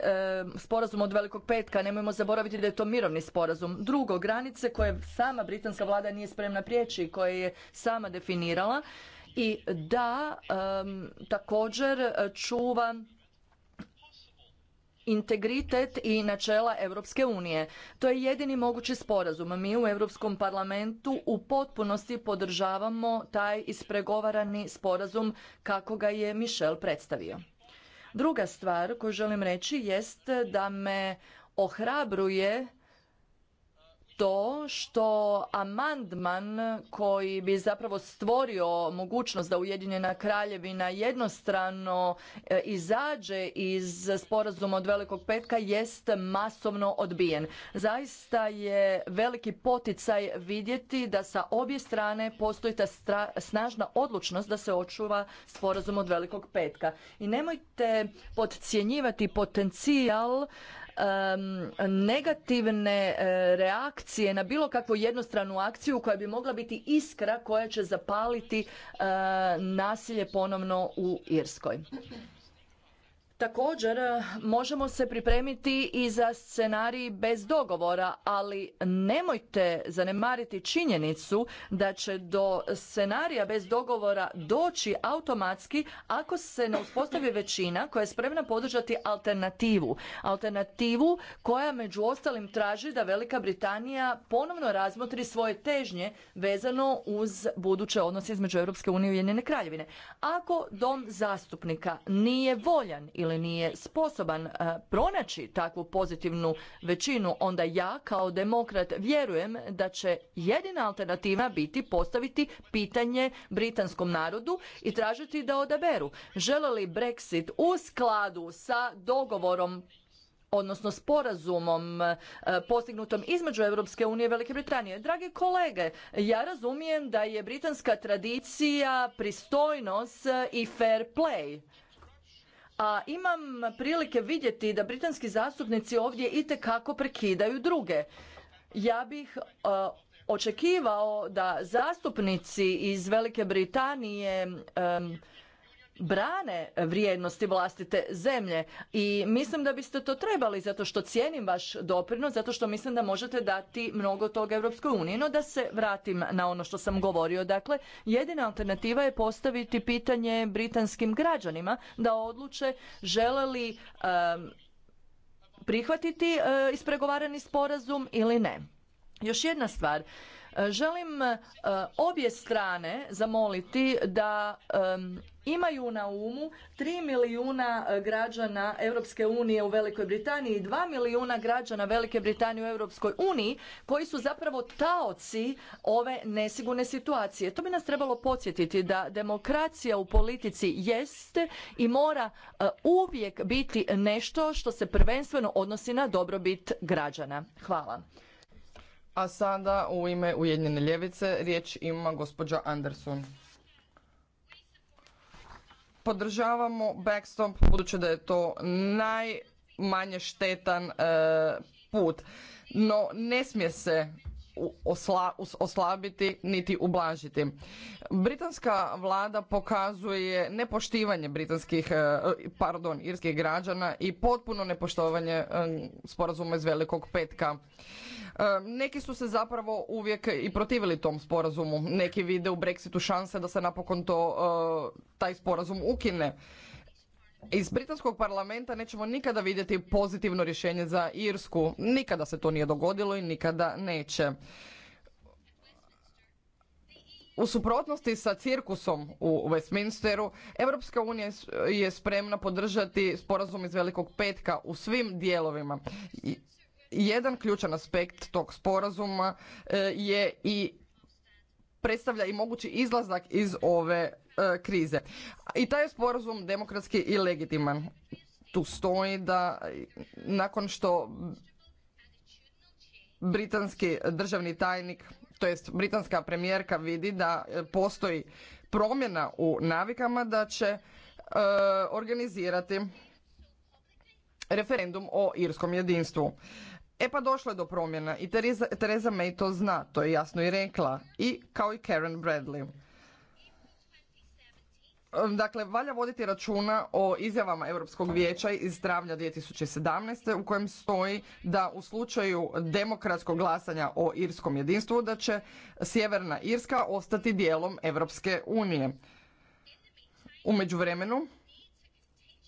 sporazuma od Velikog petka. Nemojmo zaboraviti da je to mirovni sporazum. Drugo, granice koje sama britanska vlada nije spremna prijeći, koje je sama definirala. I da, također čuva integritet i načela Europske unije. To je jedini mogući sporazum. Mi u Europskom parlamentu u potpunosti podržavamo taj ispregovarani sporazum kako ga je Michel predstavio. Druga stvar koju želim reći jest da me ohrabruje to što amandman koji bi zapravo stvorio mogućnost da Ujedinjena kraljevina jednostrano e, izađe iz sporazuma od Velikog petka jest masovno odbijen. Zaista je veliki poticaj vidjeti da sa obje strane postoji ta snažna odlučnost da se očuva sporazum od Velikog petka. I nemojte podcjenjivati potencijal negativne eh, reakcije na bilo kakvu jednostranu akciju koja bi mogla biti iskra koja će zapaliti eh, nasilje ponovno u Irskoj. Također e, možemo se pripremiti i za scenarij bez dogovora, ali nemojte zanemariti činjenicu da će do scenarija bez dogovora doći automatski ako se ne uspostavi većina koja je spremna podržati alternativu. Alternativu koja među ostalim traži da Velika Britanija ponovno razmotri svoje težnje vezano uz buduće odnose između Europske unije i Ujedinjene Kraljevine. Ako dom zastupnika nije voljan ili ili nije sposoban e, pronaći takvu pozitivnu većinu, onda ja kao demokrat vjerujem da će jedina alternativa biti postaviti pitanje britanskom narodu i tražiti da odaberu žele li Brexit u skladu sa dogovorom odnosno sporazumom e, postignutom između Europske unije i Velike Britanije. Drage kolege, ja razumijem da je britanska tradicija pristojnost i fair play a imam prilike vidjeti da britanski zastupnici ovdje itekako prekidaju druge. Ja bih e, očekivao da zastupnici iz Velike Britanije brane vrijednosti vlastite zemlje i mislim da biste to trebali zato što cijenim vaš doprinos, zato što mislim da možete dati mnogo toga Europskoj uniji. No da se vratim na ono što sam govorio. Dakle, jedina alternativa je postaviti pitanje britanskim građanima da odluče žele li prihvatiti e, ispregovarani sporazum ili ne. Još jedna stvar, E, želim e, obje strane zamoliti da imaju na umu 3 milijuna e, građana Europske unije u Velikoj Britaniji i 2 milijuna građana Velike Britanije u Europskoj uniji koji su zapravo taoci ove nesigurne situacije. To bi nas trebalo podsjetiti da demokracija u politici jeste i mora uvijek biti nešto što se prvenstveno odnosi na dobrobit građana. Hvala. A sada u ime Ujedinjene ljevice riječ ima gospođa Anderson. Podržavamo backstop budući da je to najmanje štetan e, put. No ne smije se oslabiti niti ublažiti. Britanska vlada pokazuje nepoštivanje britanskih, e, pardon, irskih građana i potpuno nepoštovanje e, sporazuma iz Velikog petka. E, neki su se zapravo uvijek i protivili tom sporazumu. Neki vide u Brexitu šanse da se napokon to, taj sporazum ukine iz britanskog parlamenta nećemo nikada vidjeti pozitivno rješenje za Irsku. Nikada se to nije dogodilo i nikada neće. U suprotnosti sa cirkusom u Westminsteru, Europska unija je spremna podržati sporazum iz Velikog petka u svim dijelovima. Jedan ključan aspekt tog sporazuma e, je i predstavlja i mogući izlazak iz ove E, krize. I taj je sporazum demokratski i legitiman. Tu stoji da nakon što britanski državni tajnik, to jest britanska premijerka vidi da postoji promjena u navikama da će e, organizirati referendum o irskom jedinstvu. E pa došlo je do promjena i Tereza May to zna, to je jasno i rekla, i kao i Karen Bradley. Dakle, valja voditi računa o izjavama Europskog vijeća iz travnja 2017. u kojem stoji da u slučaju demokratskog glasanja o irskom jedinstvu da će Sjeverna Irska ostati dijelom Europske unije. U međuvremenu,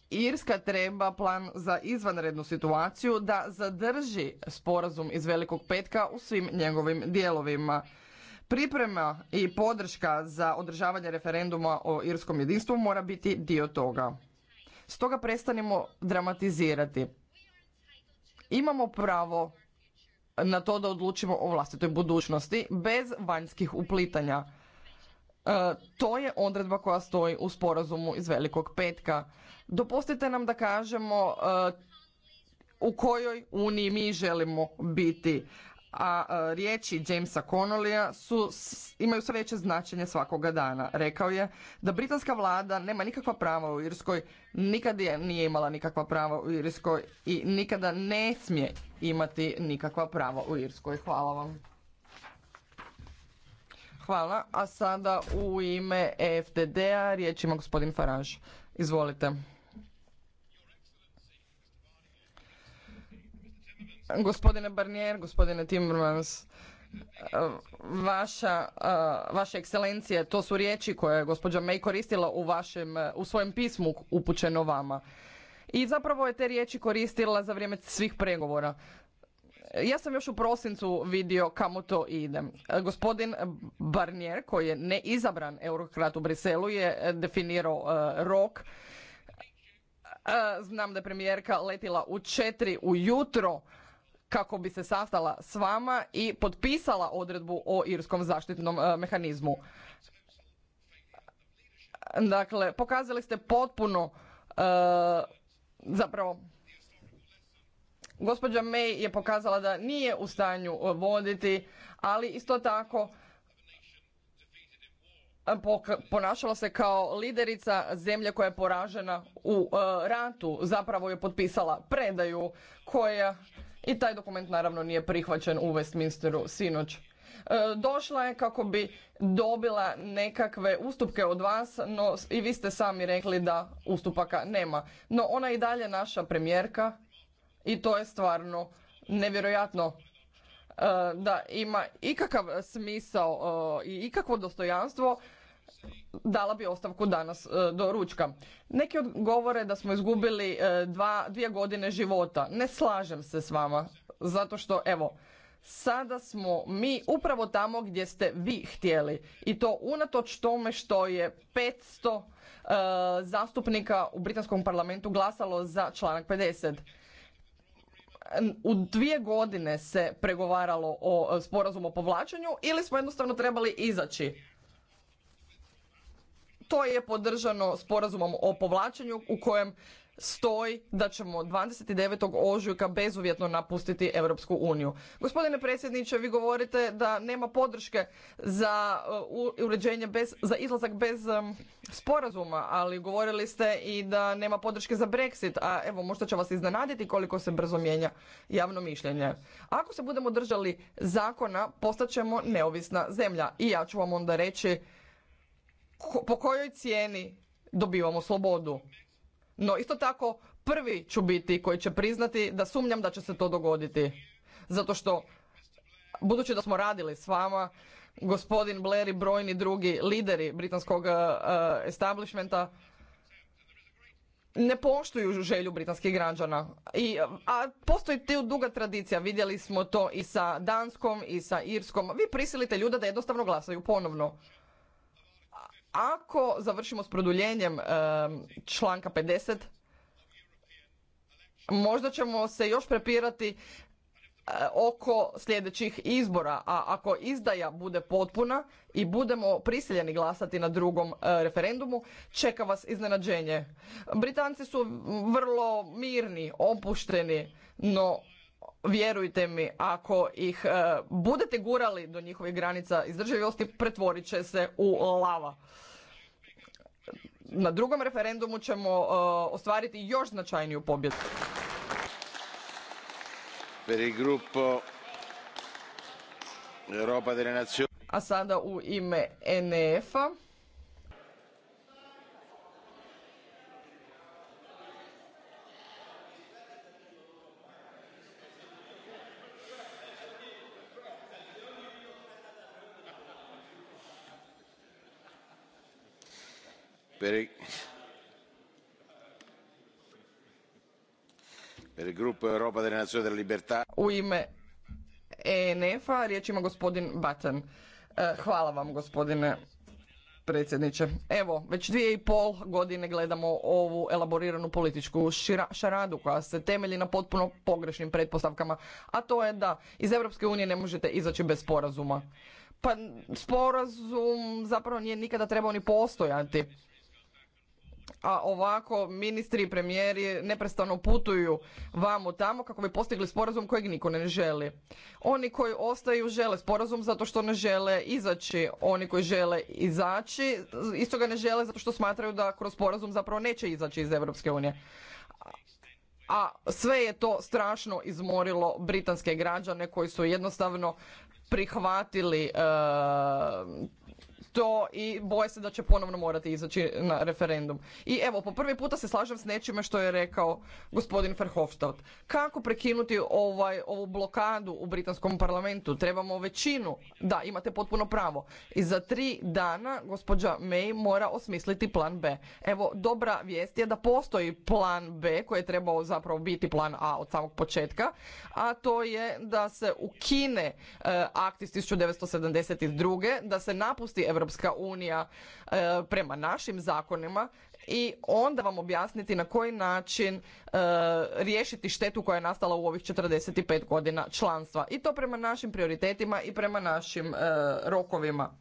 Irska treba plan za izvanrednu situaciju da zadrži sporazum iz Velikog petka u svim njegovim dijelovima Priprema i podrška za održavanje referenduma o irskom jedinstvu mora biti dio toga. Stoga prestanimo dramatizirati. Imamo pravo na to da odlučimo o vlastitoj budućnosti bez vanjskih uplitanja. E, to je odredba koja stoji u sporazumu iz Velikog petka. Dopustite nam da kažemo e, u kojoj uniji mi želimo biti a e, riječi Jamesa Connollya su, imaju sve veće značenje svakoga dana. Rekao je da britanska vlada nema nikakva prava u Irskoj, nikad je nije imala nikakva prava u Irskoj i nikada ne smije imati nikakva prava u Irskoj. Hvala vam. Hvala, a sada u ime FDD-a riječ ima gospodin Faraž. Izvolite. Gospodine Barnier, gospodine Timmermans, e, vaša, e, vaše to su riječi koje je gospođa May koristila u, vašem, e, u svojem pismu upućeno vama. I zapravo je te riječi koristila za vrijeme svih pregovora. Ja sam još u prosincu vidio kamo to ide. Gospodin Barnier, koji je neizabran eurokrat u Briselu, je definirao rok. Znam da je premijerka letila u četiri ujutro kako bi se sastala s vama i potpisala odredbu o irskom zaštitnom e, mehanizmu. Dakle, pokazali ste potpuno e, zapravo gospođa May je pokazala da nije u stanju e, voditi, ali isto tako ponašala se kao liderica zemlje koja je poražena u ratu. Zapravo je potpisala predaju koja i taj dokument naravno nije prihvaćen u Westminsteru sinoć. E, došla je kako bi dobila nekakve ustupke od vas, no i vi ste sami rekli da ustupaka nema. No ona je i dalje naša premijerka i to je stvarno nevjerojatno e, da ima ikakav smisao e, i ikakvo dostojanstvo dala bi ostavku danas e, do ručka. Neki odgovore da smo izgubili e, dva, dvije godine života. Ne slažem se s vama, zato što evo, sada smo mi upravo tamo gdje ste vi htjeli. I to unatoč tome što je 500 e, zastupnika u Britanskom parlamentu glasalo za članak 50 u dvije godine se pregovaralo o sporazumu o povlačenju ili smo jednostavno trebali izaći to je podržano sporazumom o povlačenju u kojem stoji da ćemo 29. ožujka bezuvjetno napustiti Europsku uniju. Gospodine predsjedniče, vi govorite da nema podrške za uh, uređenje bez, za izlazak bez um, sporazuma, ali govorili ste i da nema podrške za Brexit, a evo možda će vas iznenaditi koliko se brzo mijenja javno mišljenje. Ako se budemo držali zakona, postaćemo neovisna zemlja i ja ću vam onda reći po kojoj cijeni dobivamo slobodu. No isto tako prvi ću biti koji će priznati da sumnjam da će se to dogoditi. Zato što, budući da smo radili s vama, gospodin Blair i brojni drugi lideri britanskog eh, eh, establishmenta ne poštuju želju britanskih građana. I, a postoji tu duga tradicija, vidjeli smo to i sa Danskom i sa Irskom. Vi prisilite ljude da jednostavno glasaju ponovno. Ako završimo s produljenjem eh, članka 50, možda ćemo se još prepirati eh, oko sljedećih izbora, a ako izdaja bude potpuna i budemo prisiljeni glasati na drugom eh, referendumu, čeka vas iznenađenje. Britanci su vrlo mirni, opušteni, no vjerujte mi, ako ih e, budete gurali do njihovih granica izdrživosti, pretvorit će se u lava. Na drugom referendumu ćemo e, ostvariti još značajniju pobjedu. Per A sada u ime NF-a e U ime ENF-a riječ ima gospodin Batten. E, hvala vam gospodine predsjedniče. Evo, već dvije i pol godine gledamo ovu elaboriranu političku šaradu koja se temelji na potpuno pogrešnim pretpostavkama, a to je da iz Europske unije ne možete izaći bez sporazuma. Pa sporazum zapravo nije nikada trebao ni postojati a ovako ministri i premijeri neprestano putuju vamo tamo kako bi postigli sporazum kojeg niko ne želi. Oni koji ostaju žele sporazum zato što ne žele izaći. Oni koji žele izaći isto ga ne žele zato što smatraju da kroz sporazum zapravo neće izaći iz Europske unije. A sve je to strašno izmorilo britanske građane koji su jednostavno prihvatili e, to i boje se da će ponovno morati izaći na referendum. I evo, po prvi puta se slažem s nečime što je rekao gospodin Verhofstadt. Kako prekinuti ovaj, ovu blokadu u britanskom parlamentu? Trebamo većinu. Da, imate potpuno pravo. I za tri dana gospođa May mora osmisliti plan B. Evo, dobra vijest je da postoji plan B koji je trebao zapravo biti plan A od samog početka, a to je da se ukine eh, akt iz 1972. da se napusti Evropa Europska unija e, prema našim zakonima i onda vam objasniti na koji način e, riješiti štetu koja je nastala u ovih 45 godina članstva i to prema našim prioritetima i prema našim e, rokovima.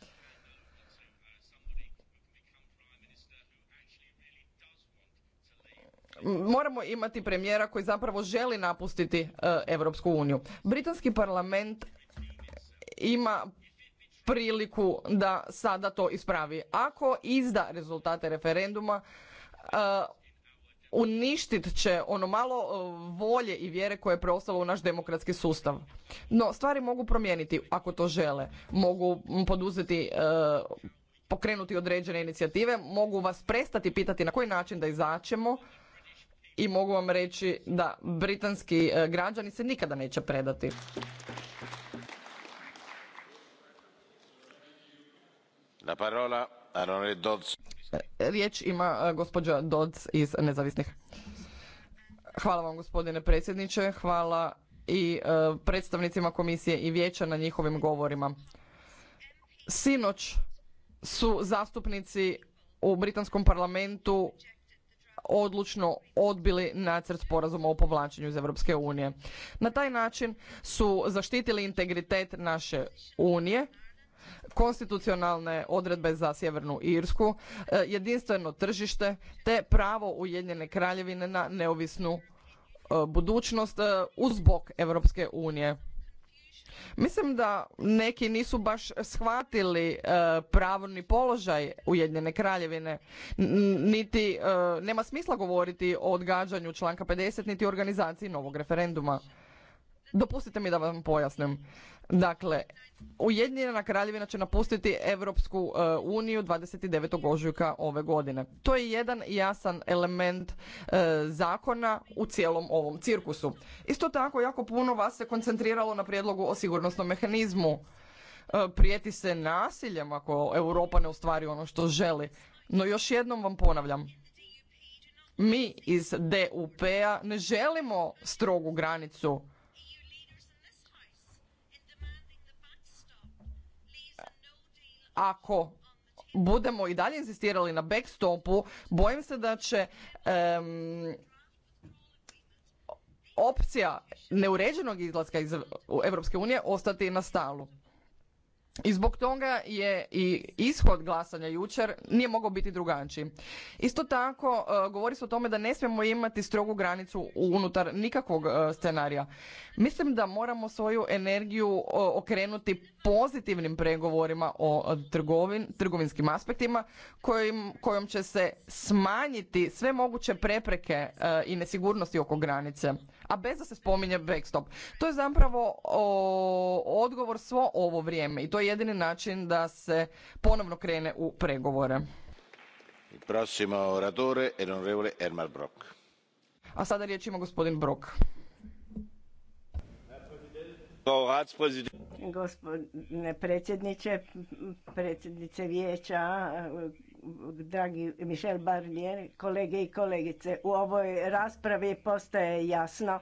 moramo imati premijera koji zapravo želi napustiti Europsku uniju. Britanski parlament ima priliku da sada to ispravi. Ako izda rezultate referenduma, eh, uništit će ono malo eh, volje i vjere koje je preostalo u naš demokratski sustav. No, stvari mogu promijeniti ako to žele. Mogu poduzeti eh, pokrenuti određene inicijative, mogu vas prestati pitati na koji način da izaćemo i mogu vam reći da britanski građani se nikada neće predati. E, riječ ima e, gospođa Dodds iz Nezavisnih. Hvala vam gospodine predsjedniče, hvala i e, predstavnicima komisije i vijeća na njihovim govorima. Sinoć su zastupnici u britanskom parlamentu odlučno odbili nacrt sporazuma o povlačenju iz Europske unije. Na taj način su zaštitili integritet naše unije konstitucionalne odredbe za Sjevernu Irsku, e, jedinstveno tržište te pravo Ujedinjene kraljevine na neovisnu e, budućnost e, uz bok Europske unije. Mislim da neki nisu baš shvatili pravni položaj Ujedinjene kraljevine, niti nema smisla govoriti o odgađanju članka 50, niti organizaciji novog referenduma. Dopustite mi da vam pojasnim. Dakle, Ujedinjena kraljevina će napustiti Europsku eh, uniju 29. ožujka ove godine. To je jedan jasan element eh, zakona u cijelom ovom cirkusu. Isto tako, jako puno vas se koncentriralo na prijedlogu o sigurnosnom mehanizmu. Eh, prijeti se nasiljem ako Europa ne ostvari ono što želi. No još jednom vam ponavljam, mi iz DUP-a ne želimo strogu granicu Ako budemo i dalje insistirali na backstopu, bojim se da će opcija neuređenog izlaska iz Europske unije ostati na stalu. I zbog toga je i ishod glasanja jučer nije mogao biti drugačiji. Isto tako e, govori se o tome da ne smijemo imati strogu granicu unutar nikakvog e, scenarija. Mislim da moramo svoju energiju e, okrenuti pozitivnim pregovorima o trgovinskim aspektima kojim, kojom će se smanjiti sve moguće prepreke i nesigurnosti oko granice a bez da se spominje backstop. To je zapravo o, odgovor svo ovo vrijeme i to je jedini način da se ponovno krene u pregovore. Prosimo oratore enorevole Ermal Brock. A sada riječ ima gospodin Brock. Gospodine predsjedniče, predsjednice vijeća, dragi Michel Barnier, kolege i kolegice. U ovoj raspravi postaje jasno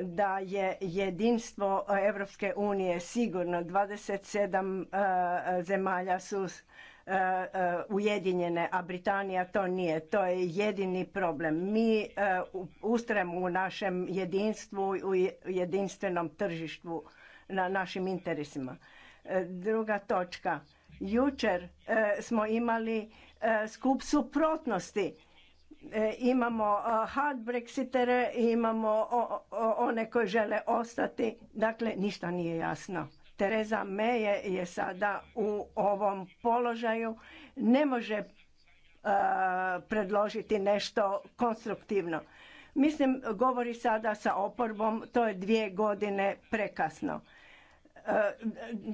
da je jedinstvo Europske unije sigurno 27 e, zemalja su e, e, ujedinjene, a Britanija to nije. To je jedini problem. Mi ustrajemo u našem jedinstvu, u jedinstvenom tržištu na našim interesima. Druga točka Jučer e, smo imali e, skup suprotnosti. E, imamo hard brexitere, imamo one koji žele ostati. Dakle, ništa nije jasno. Tereza Meje je, je sada u ovom položaju. Ne može predložiti nešto konstruktivno. Mislim, govori sada sa oporbom, to je dvije godine prekasno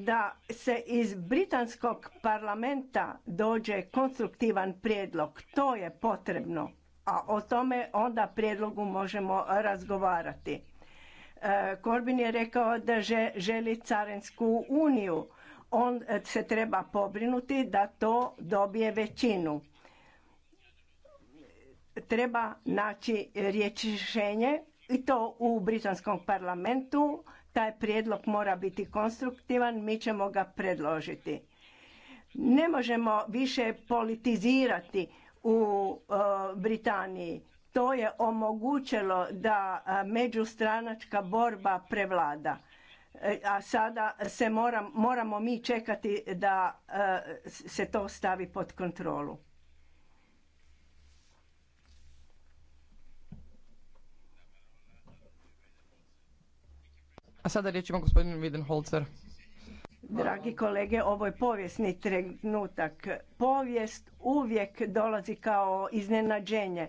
da se iz britanskog parlamenta dođe konstruktivan prijedlog. To je potrebno, a o tome onda prijedlogu možemo razgovarati. E, Korbin je rekao da želi carinsku uniju. On se treba pobrinuti da to dobije većinu. Treba naći rješenje i to u britanskom parlamentu taj prijedlog mora biti konstruktivan, mi ćemo ga predložiti. Ne možemo više politizirati u e, Britaniji. To je omogućilo da e, međustranačka borba prevlada. E, a sada se moramo mi čekati da se to stavi pod kontrolu. A sada riječ ima gospodin Widenholzer. Dragi kolege, ovo je povijesni trenutak. Povijest uvijek dolazi kao iznenađenje.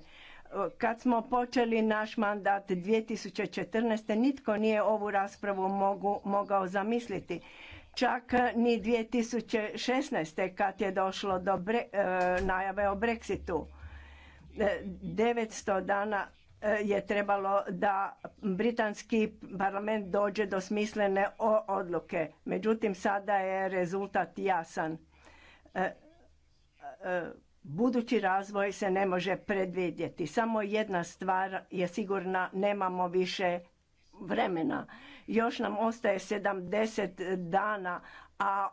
Kad smo počeli naš mandat 2014. nitko nije ovu raspravu mogao zamisliti. Čak ni 2016. kad je došlo do bre, e, najave o Brexitu. 900 e, dana E, je trebalo da britanski parlament dođe do smislene odluke. Međutim, sada je rezultat jasan. E, e, budući razvoj se ne može predvidjeti. Samo jedna stvar je sigurna, nemamo više vremena. Još nam ostaje 70 dana, a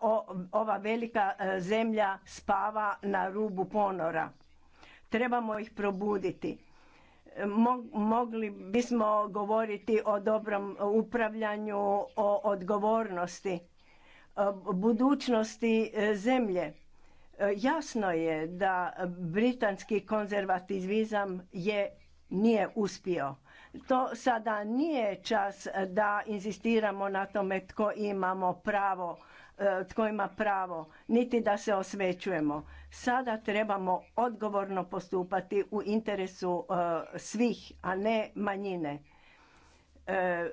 ova velika zemlja spava na rubu ponora. Trebamo ih probuditi mogli bismo govoriti o dobrom upravljanju, o odgovornosti, budućnosti e, zemlje. E, jasno je da britanski konzervativizam je nije uspio. To sada nije čas da inzistiramo na tome tko imamo pravo E, tko ima pravo, niti da se osvećujemo. Sada trebamo odgovorno postupati u interesu e, svih, a ne manjine. E,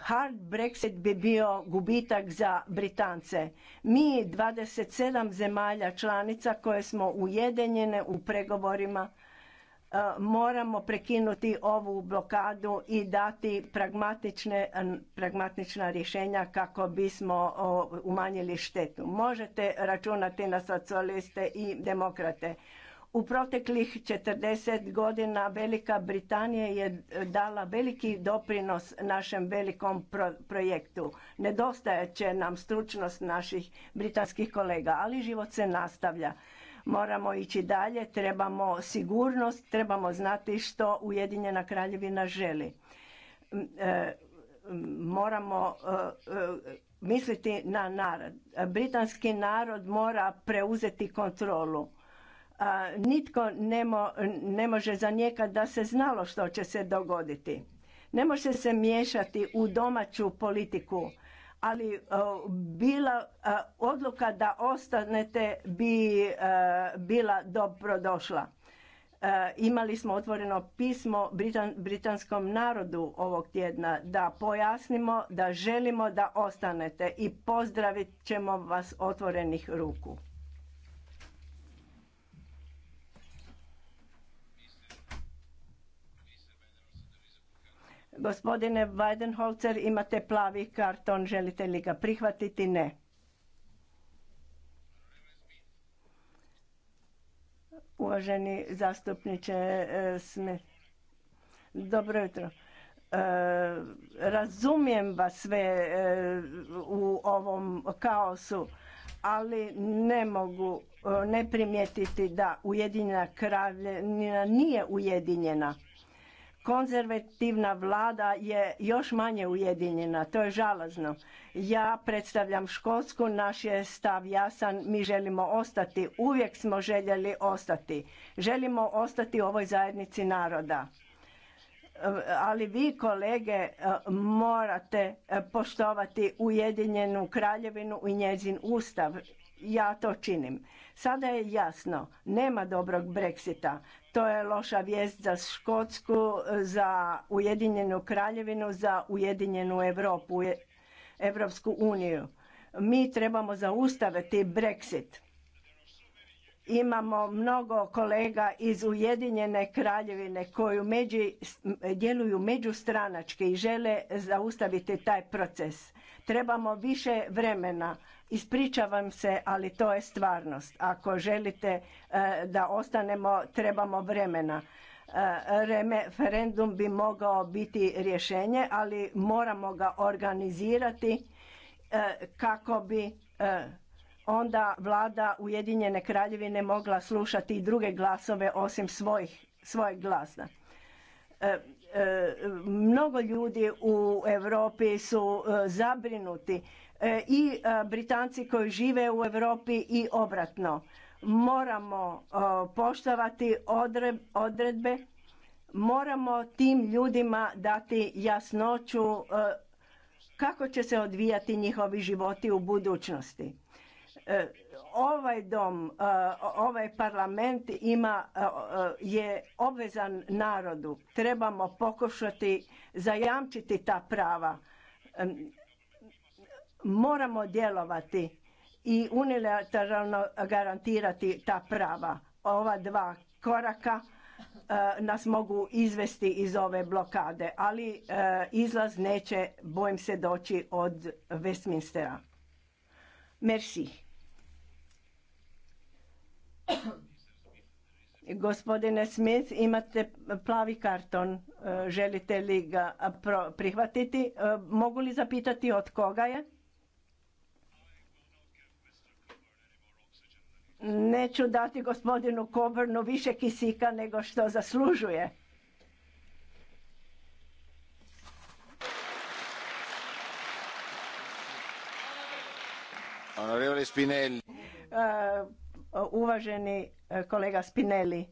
hard Brexit bi bio gubitak za Britance. Mi 27 zemalja članica koje smo ujedinjene u pregovorima E, moramo prekinuti ovu blokadu i dati pragmatične, pragmatična rješenja kako bismo umanjili štetu. Možete računati na socijaliste i demokrate. U proteklih 40 godina Velika Britanija je dala veliki doprinos našem velikom projektu. Nedostaje će nam stručnost naših britanskih kolega, ali život se nastavlja. Moramo ići dalje, trebamo sigurnost, trebamo znati što Ujedinjena kraljevina želi. E, moramo e, e, misliti na narod. Britanski narod mora preuzeti kontrolu. Nitko ne može zanijekati da se znalo što će se dogoditi. Ne može se miješati u domaću politiku ali e, bila e, odluka da ostanete bi e, bila dobrodošla. Imali smo otvoreno pismo britanskom narodu ovog tjedna da pojasnimo da želimo da ostanete i pozdravit ćemo vas otvorenih ruku. Gospodine Weidenholzer, imate plavi karton, želite li ga prihvatiti? Ne. Uvaženi zastupniče e, dobro jutro. E, razumijem vas sve e, u ovom kaosu, ali ne mogu ne primijetiti da Ujedinjena kraljevina nije ujedinjena konzervativna vlada je još manje ujedinjena. To je žalazno. Ja predstavljam Škotsku, naš je stav jasan, mi želimo ostati. Uvijek smo željeli ostati. Želimo ostati u ovoj zajednici naroda. Ali vi, kolege, morate poštovati Ujedinjenu kraljevinu i njezin ustav ja to činim. Sada je jasno, nema dobrog Brexita. To je loša vijest za Škotsku, za Ujedinjenu kraljevinu, za Ujedinjenu Europu, Evropsku uniju. Mi trebamo zaustaviti Brexit. Imamo mnogo kolega iz Ujedinjene kraljevine koji među, djeluju međustranački i žele zaustaviti taj proces trebamo više vremena. Ispričavam se, ali to je stvarnost. Ako želite e, da ostanemo, trebamo vremena. E, referendum bi mogao biti rješenje, ali moramo ga organizirati e, kako bi onda vlada Ujedinjene kraljevine mogla slušati i druge glasove osim svojih, svojeg glasa. Mnogo ljudi u Europi su e, zabrinuti e, i e, Britanci koji žive u Europi i obratno. Moramo poštovati odredbe, moramo tim ljudima dati jasnoću kako će se odvijati njihovi životi u budućnosti. Ovaj dom, e, ovaj parlament ima, e, e, je obvezan narodu. Trebamo pokušati zajamčiti ta prava. Moramo djelovati i unilateralno garantirati ta prava. Ova dva koraka nas mogu izvesti iz ove blokade, ali izlaz neće, bojim se, doći od Westminstera. Merci. Gospodine Smith, imate plavi karton. E, želite li ga prihvatiti? E, mogu li zapitati od koga je? Neću dati gospodinu Coburnu više kisika nego što zaslužuje. Onorevole Spinelli. E, uvaženi e, kolega Spinelli.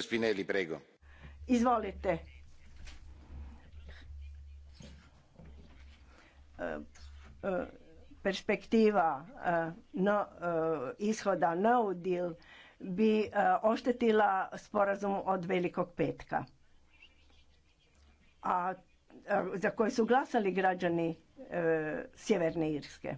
Spinelli, prego. Izvolite. E, e, perspektiva ishoda no deal bi oštetila sporazum od velikog petka. A za koje su glasali građani e, Sjeverne Irske.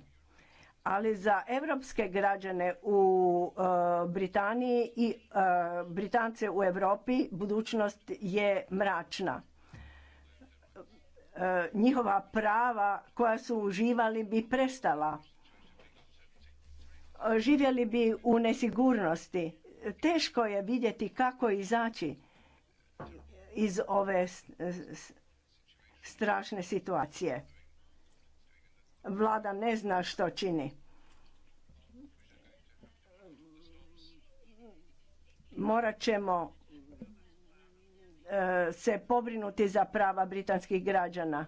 Ali za evropske građane u e, Britaniji i e, Britance u Europi budućnost je mračna. Njihova prava koja su uživali bi prestala. Živjeli bi u nesigurnosti. Teško je vidjeti kako izaći iz ove strašne situacije. Vlada ne zna što čini. Morat ćemo e, se pobrinuti za prava britanskih građana.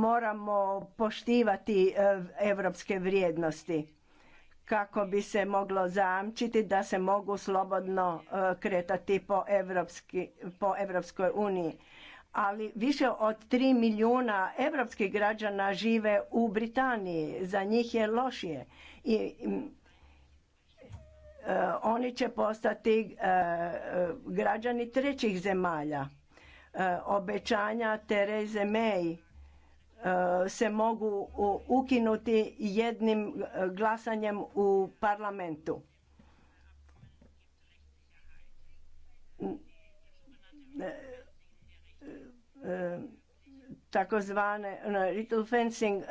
Moramo poštivati e, evropske vrijednosti kako bi se moglo zamčiti da se mogu slobodno e, kretati po, Evropski, Evropskoj uniji. Ali više od 3 milijuna evropskih građana žive u Britaniji. Za njih je lošije. I, e, oni će postati e, građani trećih zemalja. obećanja Tereze May Eh, se mogu ukinuti jednim eh, glasanjem u parlamentu. Eh, takozvane little fencing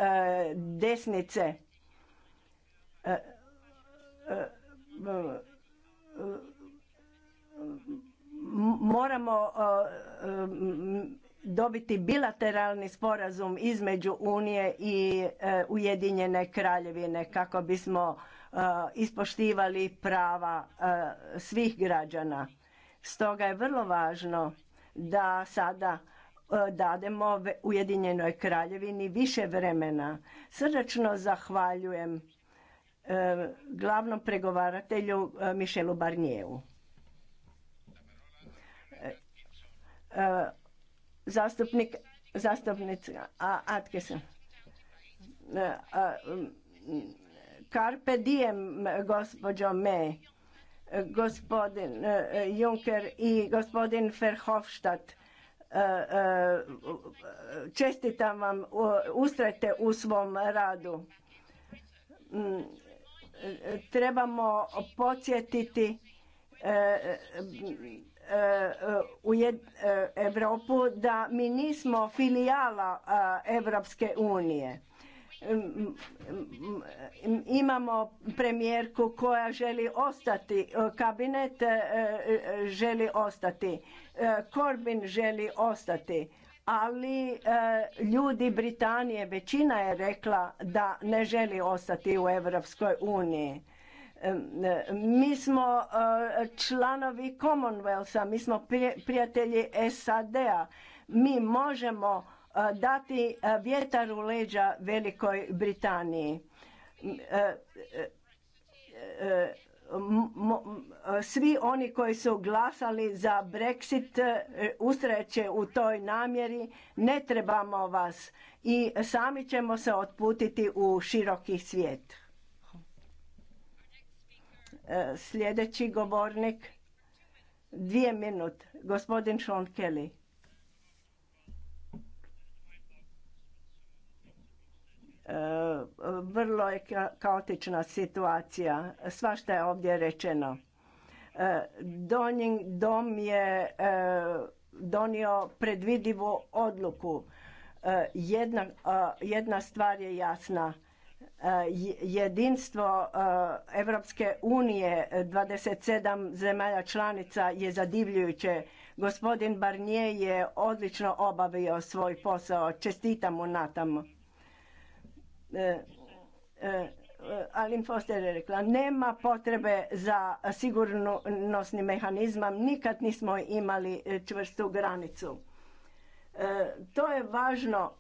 desnice moramo dobiti bilateralni sporazum između Unije i e, Ujedinjene kraljevine kako bismo e, ispoštivali prava e, svih građana. Stoga je vrlo važno da sada dademo Ujedinjenoj kraljevini više vremena. Srdačno zahvaljujem glavnom pregovaratelju Mišelu Barnijevu. Zastupnik, zastupnica atkesa e, Karpe diem, gospođo me. Gospodin e, e, Juncker i gospodin Verhofstadt. Čestitam vam, ustrajte u svom radu. Mm, trebamo podsjetiti u Europu e, da mi nismo filijala e, Evropske unije. Imamo premijerku koja želi ostati, kabinet e, želi ostati, Korbin želi ostati, ali ljudi Britanije, većina je rekla da ne želi ostati u Evropskoj uniji mi smo e, članovi Commonwealtha, mi smo prijatelji SAD-a. Mi možemo e, dati e, vjetar u leđa Velikoj Britaniji. Svi oni koji su glasali za Brexit ustreće u toj namjeri. Ne trebamo vas i sami ćemo se otputiti u široki svijet. E, sljedeći govornik, dvije minut, gospodin Sean Kelly. E, vrlo je kaotična situacija, svašta je ovdje rečeno. E, Donji dom je donio predvidivu odluku. Jedna, jedna stvar je jasna Eh, jedinstvo Europske eh, unije 27 eh, zemalja članica je zadivljujuće. Gospodin Barnier je odlično obavio svoj posao. Čestitam mu na tamo. Alin Foster je rekla, nema potrebe za sigurnosni mehanizmom, nikad nismo imali čvrstu granicu. To je važno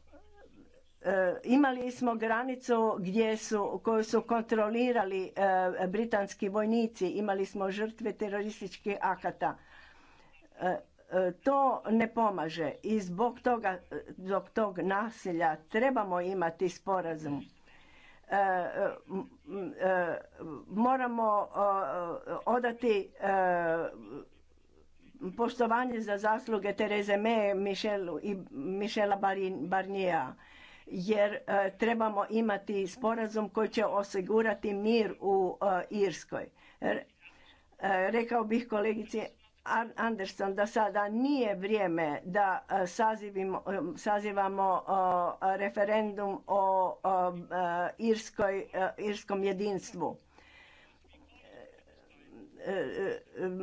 Eh, imali smo granicu gdje koju su kontrolirali eh, britanski vojnici, imali smo žrtve terorističkih akata. Eh, to ne pomaže i zbog toga, tog nasilja trebamo imati sporazum. Moramo odati poštovanje za zasluge Tereze i Michela Barnija jer e, trebamo imati sporazum koji će osigurati mir u e, Irskoj. E, rekao bih kolegici Anderson da sada nije vrijeme da sazivamo referendum o irskom jedinstvu.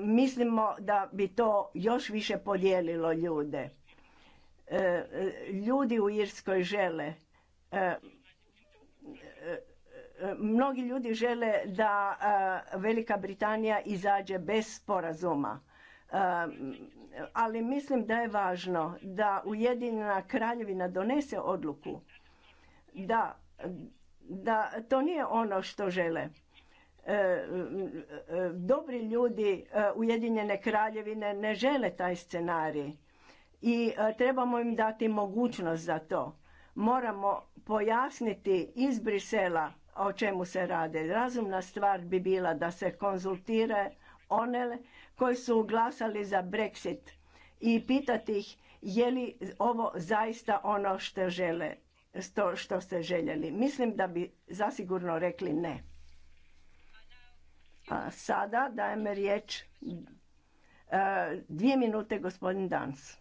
Mislimo da bi to još više podijelilo ljude Ljudi u Irskoj žele e, e, e, mnogi ljudi žele da Velika Britanija izađe bez sporazuma. Ali mislim da je važno da Ujedinjena kraljevina donese odluku da, da to nije ono što žele. Dobri ljudi Ujedinjene kraljevine ne žele taj scenarij i e, trebamo im dati mogućnost za to. Moramo pojasniti iz Brisela o čemu se rade. Razumna stvar bi bila da se konzultira one koji su glasali za Brexit i pitati ih je li ovo zaista ono što žele, što, što ste željeli. Mislim da bi zasigurno rekli ne. A sada dajem riječ e, dvije minute gospodin Dans.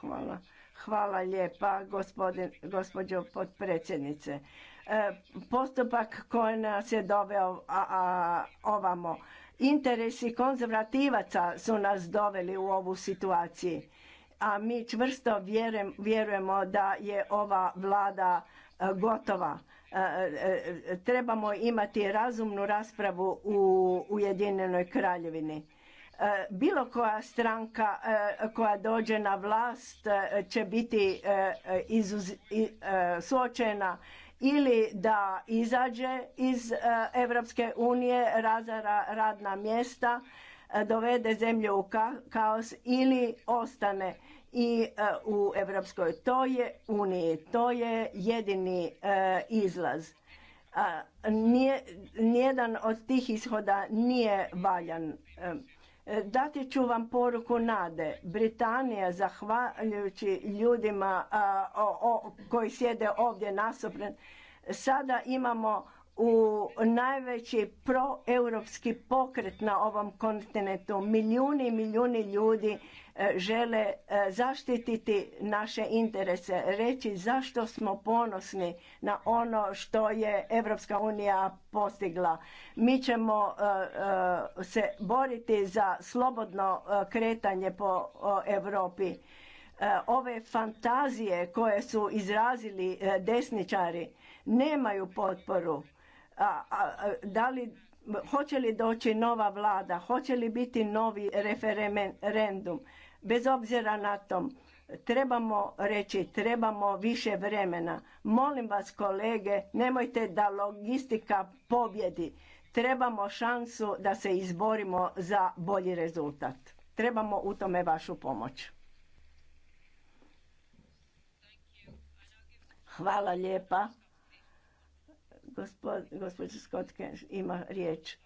Hvala. Hvala lijepa, gospođo potpredsjednice. E, postupak koji nas je doveo a, ovamo, interesi konzervativaca su nas doveli u ovu situaciju. A mi čvrsto vjerujemo da je ova vlada e, gotova. E, trebamo imati razumnu raspravu u Ujedinjenoj kraljevini E, bilo koja stranka e, koja dođe na vlast e, će biti suočena ili da izađe iz Europske unije, razara radna mjesta, dovede zemlju u kaos ili ostane i u Europskoj. To je uniji, to je jedini izlaz. Nijedan od tih ishoda nije valjan. E, dati ću vam poruku nade. Britanija, zahvaljujući ljudima koji sjede ovdje nasopren, sada imamo u najveći proeuropski pokret na ovom kontinentu. Milijuni i milijuni ljudi E, žele e, zaštititi naše interese, reći zašto smo ponosni na ono što je Europska unija postigla. Mi ćemo e, se boriti za slobodno kretanje po Europi. Ove fantazije koje su izrazili desničari nemaju potporu. da li hoće li doći nova vlada, hoće li biti novi referendum. Bez obzira na to, trebamo reći, trebamo više vremena. Molim vas kolege, nemojte da logistika pobjedi. Trebamo šansu da se izborimo za bolji rezultat. Trebamo u tome vašu pomoć. Hvala lijepa. Gospo, Skotke ima riječ.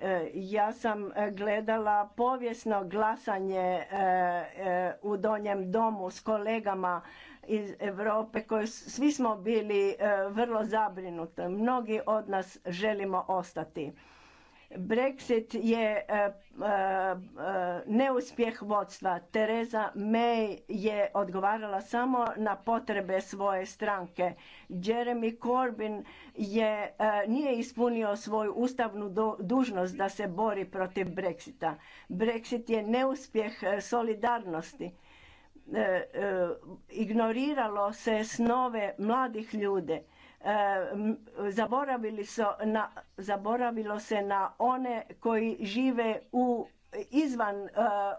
E, ja sam e, gledala povijesno glasanje e, u Donjem domu s kolegama iz Europe koji svi smo bili vrlo zabrinuti. Mnogi od nas želimo ostati. Brexit je e, e, e, neuspjeh vodstva. Tereza May je odgovarala samo na potrebe svoje stranke. Jeremy Corbyn je, nije ispunio svoju ustavnu dužnost da se bori protiv Brexita. Brexit je neuspjeh solidarnosti. Ignoriralo se snove mladih ljude zaboravili zaboravilo se na one koji žive u izvan e,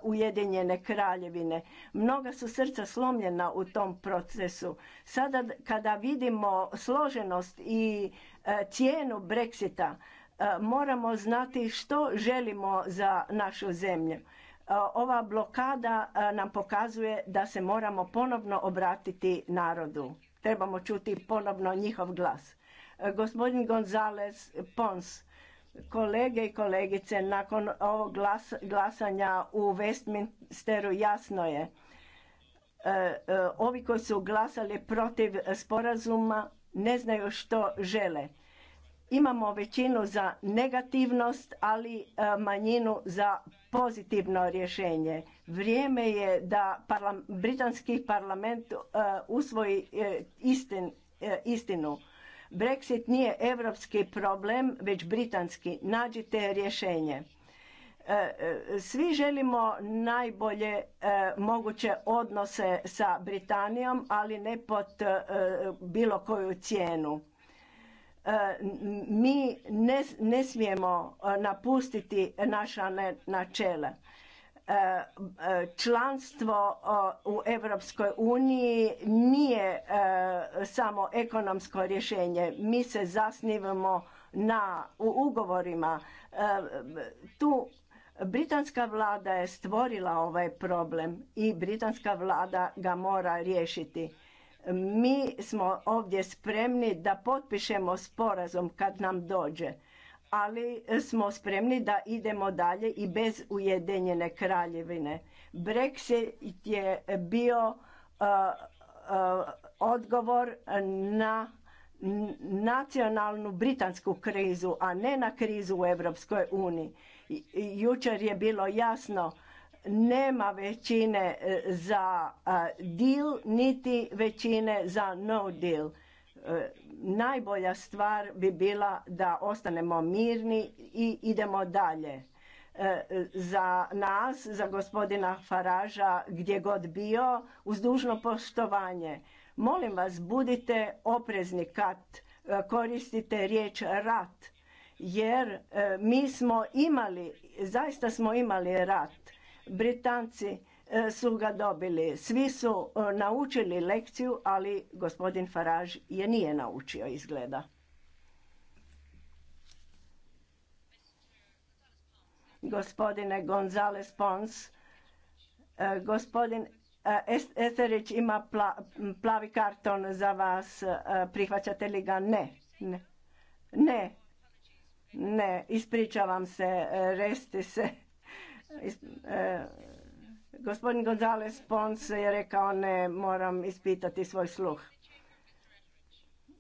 Ujedinjene kraljevine. Mnoga su srca slomljena u tom procesu. Sada kada vidimo složenost i e, cijenu Brexita, e, moramo znati što želimo za našu zemlju. Ova blokada nam pokazuje da se moramo ponovno obratiti narodu trebamo čuti ponovno njihov glas. E, gospodin Gonzales Pons, kolege i kolegice, nakon ovog glasanja u Westminsteru jasno je e, e, ovi koji su glasali protiv sporazuma ne znaju što žele. Imamo većinu za negativnost, ali e, manjinu za pozitivno rješenje. Vrijeme je da britanski parlament e, usvoji e, istinu. Brexit nije europski problem, već britanski. Nađite rješenje. Svi želimo najbolje moguće odnose sa Britanijom, ali ne pod bilo koju cijenu E, mi ne, ne smijemo e, napustiti naša načela. E, članstvo u Europskoj uniji nije samo ekonomsko rješenje. Mi se zasnivamo na u ugovorima. Tu britanska vlada je stvorila ovaj problem i britanska vlada ga mora riješiti. Mi smo ovdje spremni da potpišemo sporazum kad nam dođe, ali smo spremni da idemo dalje i bez Ujedinjene kraljevine. Brexit je bio uh, uh, odgovor na nacionalnu britansku krizu, a ne na krizu u Europskoj uniji. Jučer je bilo jasno nema većine e, za deal niti većine za no deal. E, najbolja stvar bi bila da ostanemo mirni i idemo dalje. E, za nas, za gospodina Faraža, gdje god bio, uz dužno poštovanje. Molim vas, budite oprezni kad koristite riječ rat, jer mi smo imali, zaista smo imali rat Britanci e, su ga dobili. Svi su e, naučili lekciju, ali gospodin Faraž je nije naučio izgleda. Gospodine Gonzales Pons, e, gospodin Esterić ima plavi karton za vas. Prihvaćate li ga? Ne. Ne. Ne. Ne. Ispričavam se. Resti se. Eh, gospodin Gonzales Pons je rekao ne, moram ispitati svoj sluh.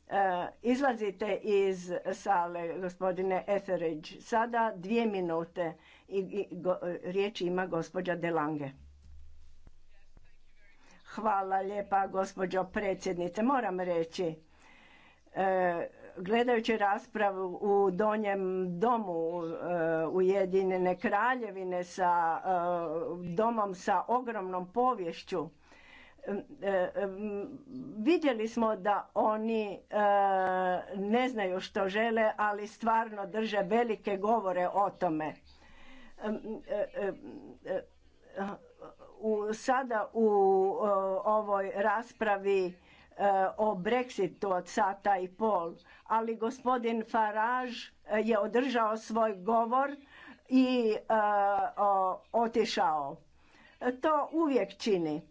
Eh, izlazite iz sale, gospodine Etheridge. Sada dvije minute i riječ ima gospođa Delange. Hvala lijepa gospođo predsjednice. Moram reći, eh, Gledajući raspravu u Donjem domu eh, Ujedinjene kraljevine sa eh, domom sa ogromnom povješću, eh, vidjeli smo da oni ne znaju što žele, ali stvarno drže velike govore o tome. Sada u ovoj raspravi o Brexitu od sata i pol, ali gospodin Farage eh, je održao svoj govor i eh, otišao. Eh, to uvijek čini.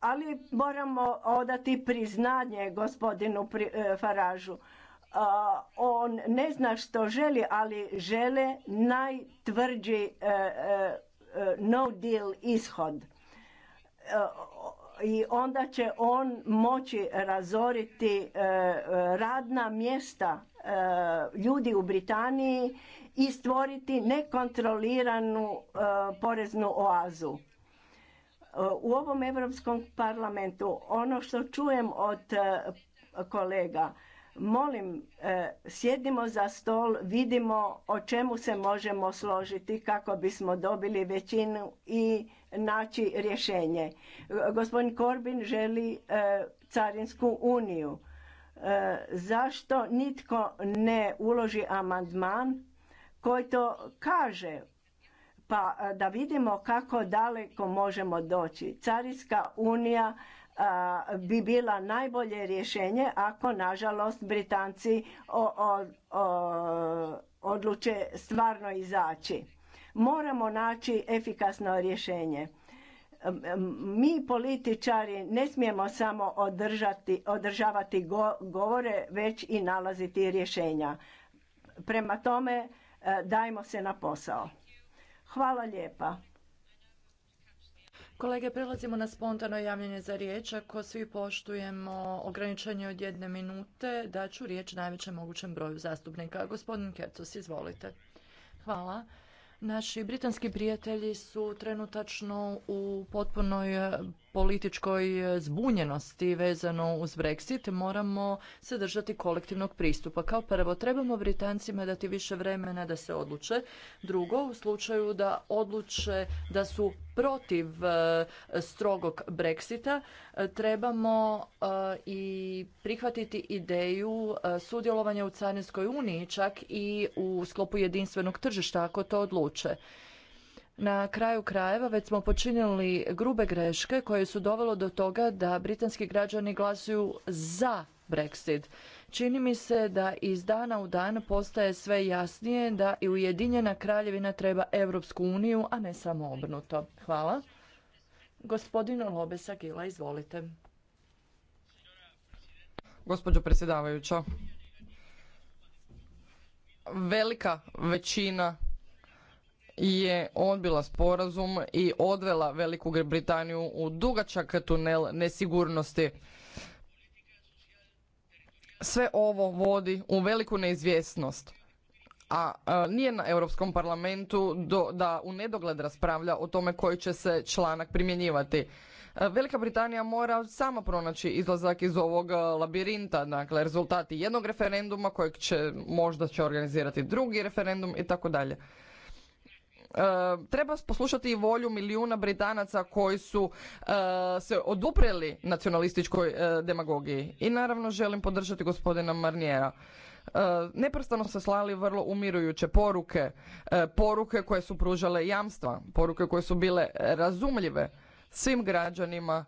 Ali moramo odati priznanje gospodinu Faražu. On ne zna što želi, ali žele najtvrđi no deal ishod i onda će on moći razoriti e, e, radna mjesta e, ljudi u Britaniji i stvoriti nekontroliranu poreznu oazu. U ovom Europskom parlamentu ono što čujem od kolega, molim sjedimo za stol, vidimo o čemu se možemo složiti kako bismo dobili većinu i naći rješenje. Gospodin Korbin želi e, carinsku uniju. E, zašto nitko ne uloži amandman koji to kaže pa e, da vidimo kako daleko možemo doći. Carinska unija bi bila najbolje rješenje ako nažalost Britanci odluče stvarno izaći. Moramo naći efikasno rješenje. Mi političari ne smijemo samo održati, održavati govore, već i nalaziti rješenja. Prema tome, e, dajmo se na posao. Hvala lijepa. Kolege, prelazimo na spontano javljanje za riječ. Ako svi poštujemo ograničenje od jedne minute, daću riječ najvećem mogućem broju zastupnika. Gospodin Kercos, izvolite. Hvala. Naši britanski prijatelji su trenutačno u potpunoj političkoj e, zbunjenosti vezano uz Brexit moramo se držati kolektivnog pristupa. Kao prvo, trebamo Britancima dati više vremena da se odluče. Drugo, u slučaju da odluče da su protiv e, strogog Brexita, e, trebamo i prihvatiti ideju sudjelovanja u Carinskoj uniji, čak i u sklopu jedinstvenog tržišta, ako to odluče. Na kraju krajeva već smo počinili grube greške koje su dovelo do toga da britanski građani glasuju za Brexit. Čini mi se da iz dana u dan postaje sve jasnije da i Ujedinjena kraljevina treba Europsku uniju, a ne samo obrnuto. Hvala. Gospodin izvolite. predsjedavajuća, velika većina je odbila sporazum i odvela Veliku Britaniju u dugačak tunel nesigurnosti. Sve ovo vodi u veliku neizvjesnost, a nije na Europskom parlamentu do, da u nedogled raspravlja o tome koji će se članak primjenjivati. Velika Britanija mora sama pronaći izlazak iz ovog labirinta, dakle rezultati jednog referenduma kojeg će možda će organizirati drugi referendum i tako dalje. E, treba poslušati i volju milijuna Britanaca koji su e, se odupreli nacionalističkoj e, demagogiji. I naravno želim podržati gospodina Marnijera. Neprestano se slali vrlo umirujuće poruke, poruke koje su pružale jamstva, poruke koje su bile razumljive svim građanima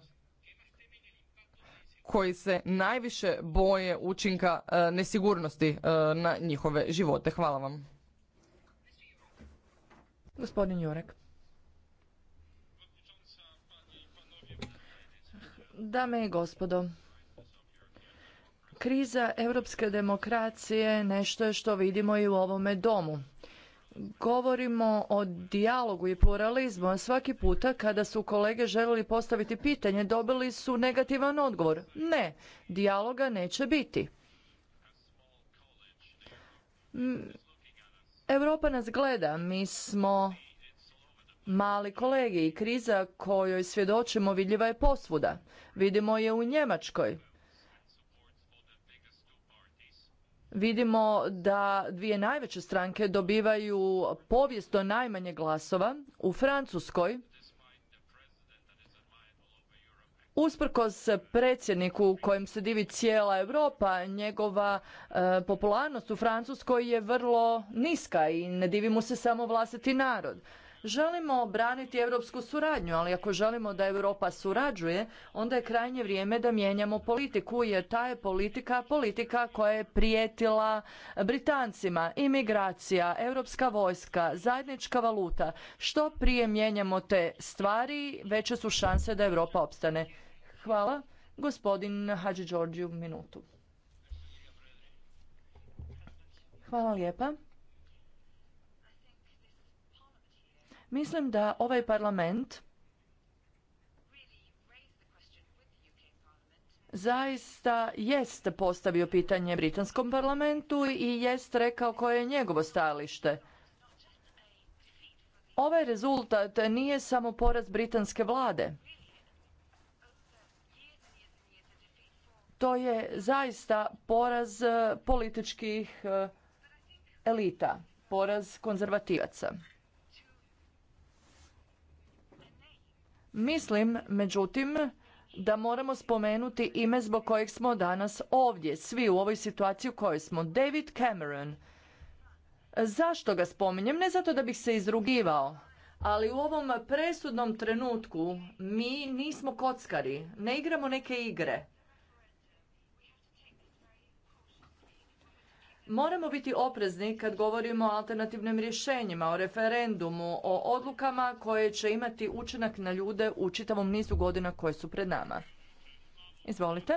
koji se najviše boje učinka nesigurnosti na njihove živote. Hvala vam. Gospodin Jurek. Dame i gospodo, kriza europske demokracije nešto je što vidimo i u ovome domu. Govorimo o dijalogu i pluralizmu, a svaki puta kada su kolege željeli postaviti pitanje, dobili su negativan odgovor. Ne, dijaloga neće biti. Europa nas gleda, mi smo mali kolegi i kriza kojoj svjedočimo vidljiva je posvuda. Vidimo je u Njemačkoj. Vidimo da dvije najveće stranke dobivaju povijesto najmanje glasova. U Francuskoj Usprkos predsjedniku kojem se divi cijela Europa, njegova e, popularnost u Francuskoj je vrlo niska i ne divi mu se samo vlastiti narod. Želimo braniti europsku suradnju, ali ako želimo da Europa surađuje, onda je krajnje vrijeme da mijenjamo politiku, jer ta je politika politika koja je prijetila Britancima, imigracija, europska vojska, zajednička valuta. Što prije mijenjamo te stvari, veće su šanse da Europa opstane. Hvala. Gospodin Hadži Đorđiju, minutu. Hvala lijepa. Mislim da ovaj parlament zaista jest postavio pitanje britanskom parlamentu i jest rekao koje je njegovo stajalište. Ovaj rezultat nije samo poraz britanske vlade. To je zaista poraz e, političkih e, elita, poraz konzervativaca. Mislim, međutim, da moramo spomenuti ime zbog kojeg smo danas ovdje, svi u ovoj situaciji u kojoj smo. David Cameron. Zašto ga spominjem? Ne zato da bih se izrugivao, ali u ovom presudnom trenutku mi nismo kockari, ne igramo neke igre. Moramo biti oprezni kad govorimo o alternativnim rješenjima, o referendumu, o odlukama koje će imati učinak na ljude u čitavom nizu godina koje su pred nama. Izvolite.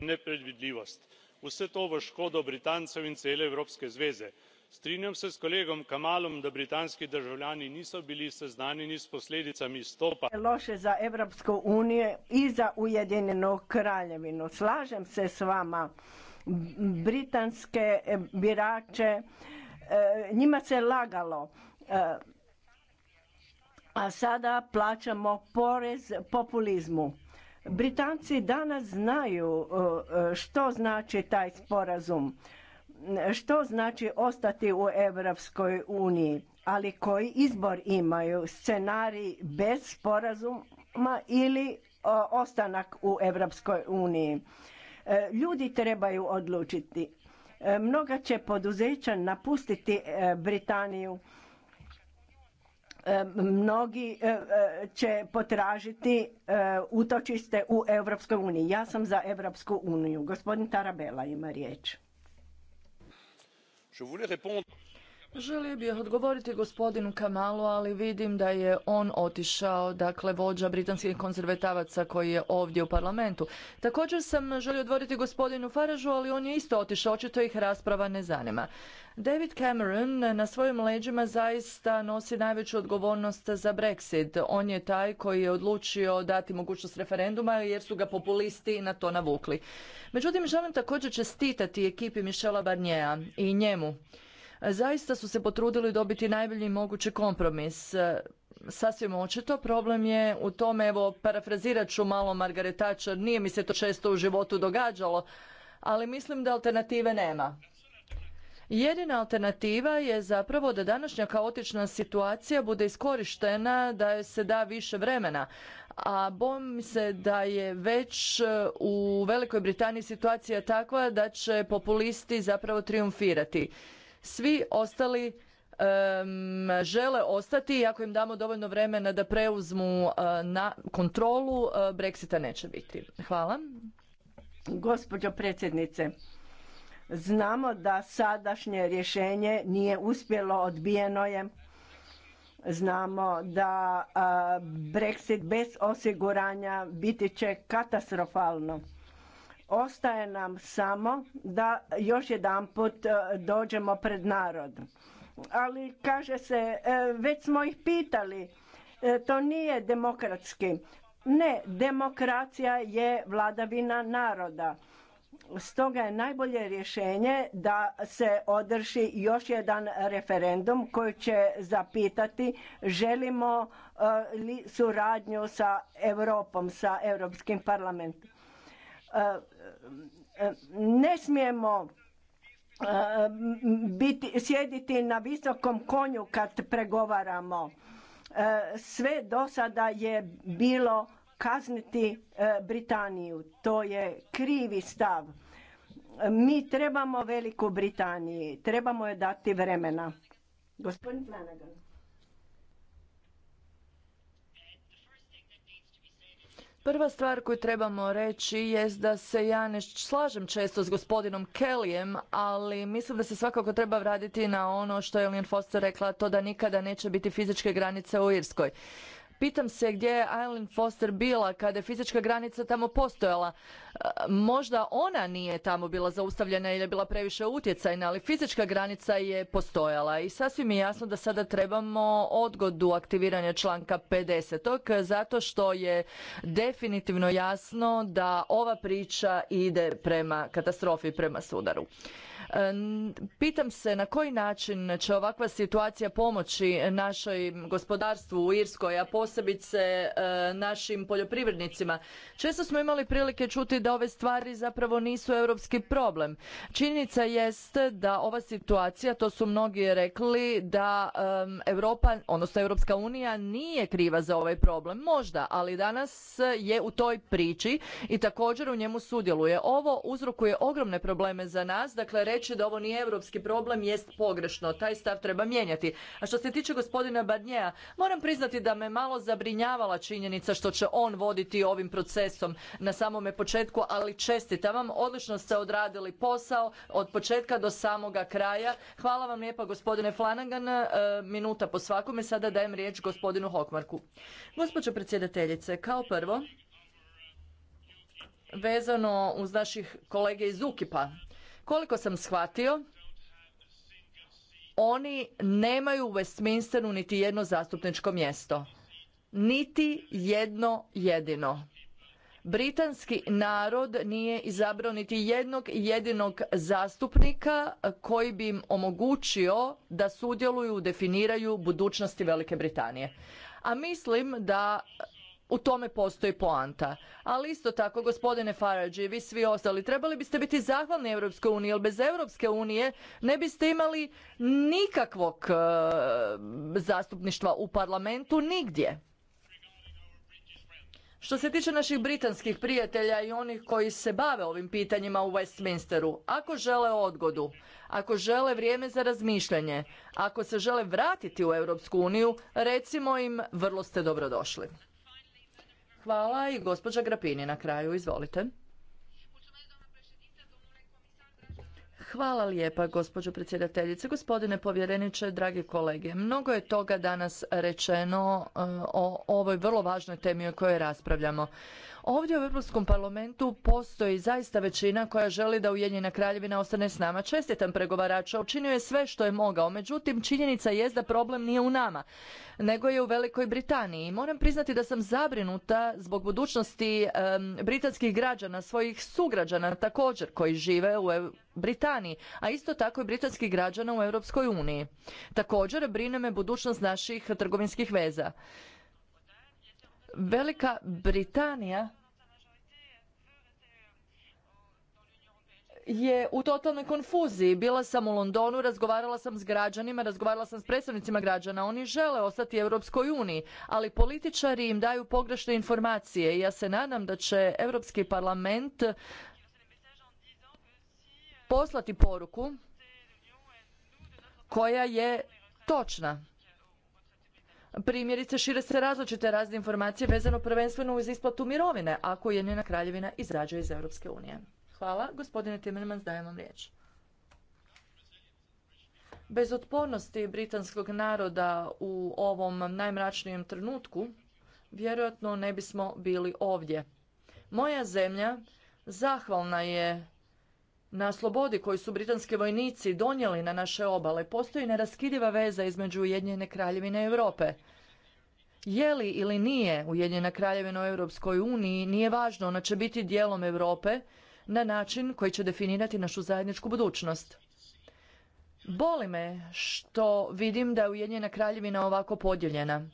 Nepredvidljivost. Vse to v škodo Britancev in cele Evropske zveze strinjam se s kolegom kamalom da britanski državljani niso bili seznanjeni s posledicami stopa. loše za europsku uniju i za ujedinjenu kraljevinu slažem se s vama britanske eh, birače eh, njima se lagalo eh, a sada plaćamo porez populizmu britanci danas znaju što znači taj sporazum što znači ostati u Europskoj uniji, ali koji izbor imaju scenarij bez sporazuma ili ostanak u Europskoj uniji. E, ljudi trebaju odlučiti. E, mnoga će poduzeća napustiti e, Britaniju. Mnogi će potražiti utočiste u Europskoj uniji. Ja sam za Europsku uniju. Gospodin Tarabela ima riječ je voulais répondre Želio bih odgovoriti gospodinu Kamalu, ali vidim da je on otišao, dakle vođa britanskih konzervetavaca koji je ovdje u parlamentu. Također sam želio odgovoriti gospodinu Faražu, ali on je isto otišao, očito ih rasprava ne zanima. David Cameron na svojim leđima zaista nosi najveću odgovornost za Brexit. On je taj koji je odlučio dati mogućnost referenduma jer su ga populisti na to navukli. Međutim, želim također čestitati ekipi Michela Barnjea i njemu Zaista su se potrudili dobiti najbolji mogući kompromis. Sasvim očito problem je u tome, evo parafrazirat ću malo Margaret nije mi se to često u životu događalo, ali mislim da alternative nema. Jedina alternativa je zapravo da današnja kaotična situacija bude iskorištena, da se da više vremena. A bom se da je već e, u Velikoj Britaniji situacija takva da će populisti zapravo triumfirati. Svi ostali žele ostati i ako im damo dovoljno vremena da preuzmu eh, na kontrolu, eh, Brexita neće biti. Hvala. Gospođo predsjednice, znamo da sadašnje rješenje nije uspjelo, odbijeno je. Znamo da eh, Brexit bez osiguranja biti će katastrofalno Ostaje nam samo da još jedanput e, dođemo pred narod. Ali kaže se, e, već smo ih pitali, e, to nije demokratski. Ne, demokracija je vladavina naroda. Stoga je najbolje rješenje da se održi još jedan referendum koji će zapitati želimo li suradnju sa Europom, sa Europskim parlamentom. Ne smijemo e, biti, sjediti na visokom konju kad pregovaramo. E, sve do sada je bilo kazniti e, Britaniju. To je krivi stav. Mi trebamo Veliku Britaniju, trebamo je dati vremena. Gospodin Flanagan. Prva stvar koju trebamo reći jest da se ja ne slažem često s gospodinom Kellyem, ali mislim da se svakako treba vratiti na ono što je Elin Foster rekla, to da nikada neće biti fizičke granice u Irskoj. Pitam se gdje je Eileen Foster bila kada je fizička granica tamo postojala. E, možda ona nije tamo bila zaustavljena jer je bila previše utjecajna, ali fizička granica je postojala i sasvim je jasno da sada trebamo odgodu aktiviranja članka 50. zato što je definitivno jasno da ova priča ide prema katastrofi, prema sudaru. Pitam se na koji način će ovakva situacija pomoći našoj gospodarstvu u Irskoj, a posebice e, našim poljoprivrednicima. Često smo imali prilike čuti da ove stvari zapravo nisu europski problem. Činjenica jest da ova situacija, to su mnogi rekli, da Europa, odnosno Europska unija nije kriva za ovaj problem. Možda, ali danas je u toj priči i također u njemu sudjeluje. Ovo uzrokuje ogromne probleme za nas, dakle reći reći da ovo nije europski problem jest pogrešno. Taj stav treba mijenjati. A što se tiče gospodina Barnjeja, moram priznati da me malo zabrinjavala činjenica što će on voditi ovim procesom na samome početku, ali čestitam vam, odlično ste odradili posao od početka do samoga kraja. Hvala vam lijepa gospodine Flanagan, e, minuta po svakome, sada dajem riječ gospodinu Hokmarku. Gospođo predsjedateljice, kao prvo, vezano uz naših kolege iz Ukipa, koliko sam shvatio, oni nemaju u Westminsteru niti jedno zastupničko mjesto. Niti jedno jedino. Britanski narod nije izabrao niti jednog jedinog zastupnika koji bi im omogućio da sudjeluju, definiraju budućnosti Velike Britanije. A mislim da u tome postoji poanta. Ali isto tako, gospodine Farage i vi svi ostali, trebali biste biti zahvalni Europskoj uniji, jer bez Europske unije ne biste imali nikakvog e, zastupništva u parlamentu nigdje. Što se tiče naših britanskih prijatelja i onih koji se bave ovim pitanjima u Westminsteru, ako žele odgodu, ako žele vrijeme za razmišljanje, ako se žele vratiti u Europsku uniju, recimo im vrlo ste dobrodošli. Hvala i gospođa Grapini na kraju, izvolite. Hvala lijepa, gospođo predsjedateljice. Gospodine povjereniče, dragi kolege, mnogo je toga danas rečeno e, o ovoj vrlo važnoj temi o kojoj raspravljamo. Ovdje u Europskom parlamentu postoji zaista većina koja želi da Ujedinjena kraljevina ostane s nama. Čestitam pregovarača, učinio je sve što je mogao. Međutim, činjenica je da problem nije u nama, nego je u Velikoj Britaniji. I moram priznati da sam zabrinuta zbog budućnosti britanskih građana, svojih sugrađana također koji žive u Britaniji, a isto tako i britanskih građana u Europskoj uniji. Također brine me budućnost naših trgovinskih veza. Velika Britanija je u totalnoj konfuziji. Bila sam u Londonu, razgovarala sam s građanima, razgovarala sam s predstavnicima građana. Oni žele ostati Europskoj uniji, ali političari im daju pogrešne informacije. Ja se nadam da će Europski parlament poslati poruku koja je točna. Primjerice šire se različite razne informacije vezano prvenstveno uz isplatu mirovine ako Ujedinjena kraljevina izrađuje iz Europske unije. Hvala. Gospodine Timmermans, dajem vam riječ. Bez otpornosti britanskog naroda u ovom najmračnijem trenutku vjerojatno ne bismo bili ovdje. Moja zemlja zahvalna je na slobodi koju su britanske vojnici donijeli na naše obale postoji neraskidiva veza između Ujedinjene kraljevine i Europe. Je li ili nije Ujedinjena kraljevina u Europskoj uniji nije važno, ona će biti dijelom Europe na način koji će definirati našu zajedničku budućnost. Boli me što vidim da je Ujedinjena kraljevina ovako podijeljena.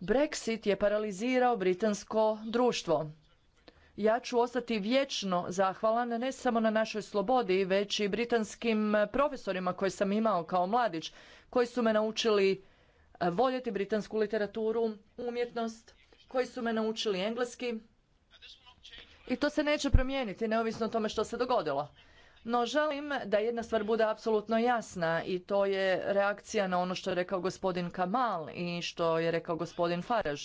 Brexit je paralizirao britansko društvo ja ću ostati vječno zahvalan ne samo na našoj slobodi, već i britanskim profesorima koje sam imao kao mladić, koji su me naučili e, voljeti britansku literaturu, umjetnost, koji su me naučili engleski. I to se neće promijeniti, neovisno o tome što se dogodilo. No želim da jedna stvar bude apsolutno jasna i to je reakcija na ono što je rekao gospodin Kamal i što je rekao gospodin Farage.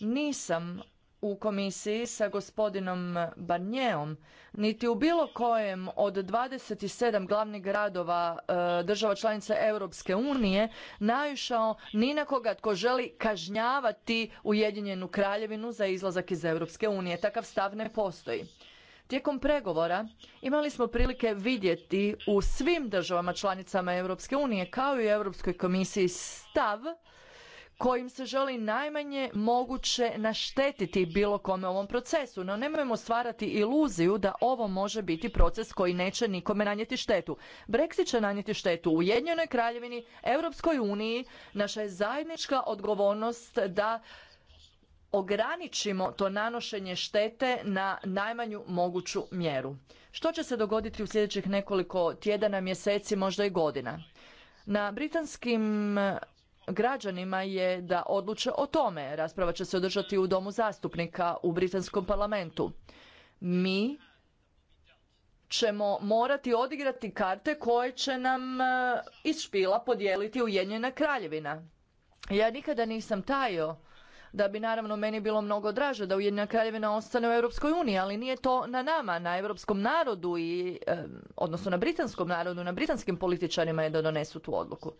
Nisam u komisiji sa gospodinom Barnjeom, niti u bilo kojem od 27 glavnih gradova e, država članica Europske unije naišao ni na koga tko želi kažnjavati Ujedinjenu kraljevinu za izlazak iz Europske unije. Takav stav ne postoji. Tijekom pregovora imali smo prilike vidjeti u svim državama članicama Europske unije kao i u Europskoj komisiji stav kojim se želi najmanje moguće naštetiti bilo kome u ovom procesu. No nemojmo stvarati iluziju da ovo može biti proces koji neće nikome nanijeti štetu. Brexit će nanijeti štetu Ujedinjenoj kraljevini, Europskoj uniji. Naša je zajednička odgovornost da ograničimo to nanošenje štete na najmanju moguću mjeru. Što će se dogoditi u sljedećih nekoliko tjedana, mjeseci, možda i godina? Na britanskim građanima je da odluče o tome. Rasprava će se održati u Domu zastupnika u Britanskom parlamentu. Mi ćemo morati odigrati karte koje će nam eh, iz špila podijeliti Ujedinjena kraljevina. Ja nikada nisam tajio da bi naravno meni bilo mnogo draže da Ujedinjena kraljevina ostane u Europskoj uniji, ali nije to na nama, na europskom narodu i, eh, odnosno na britanskom narodu, na britanskim političarima je da donesu tu odluku.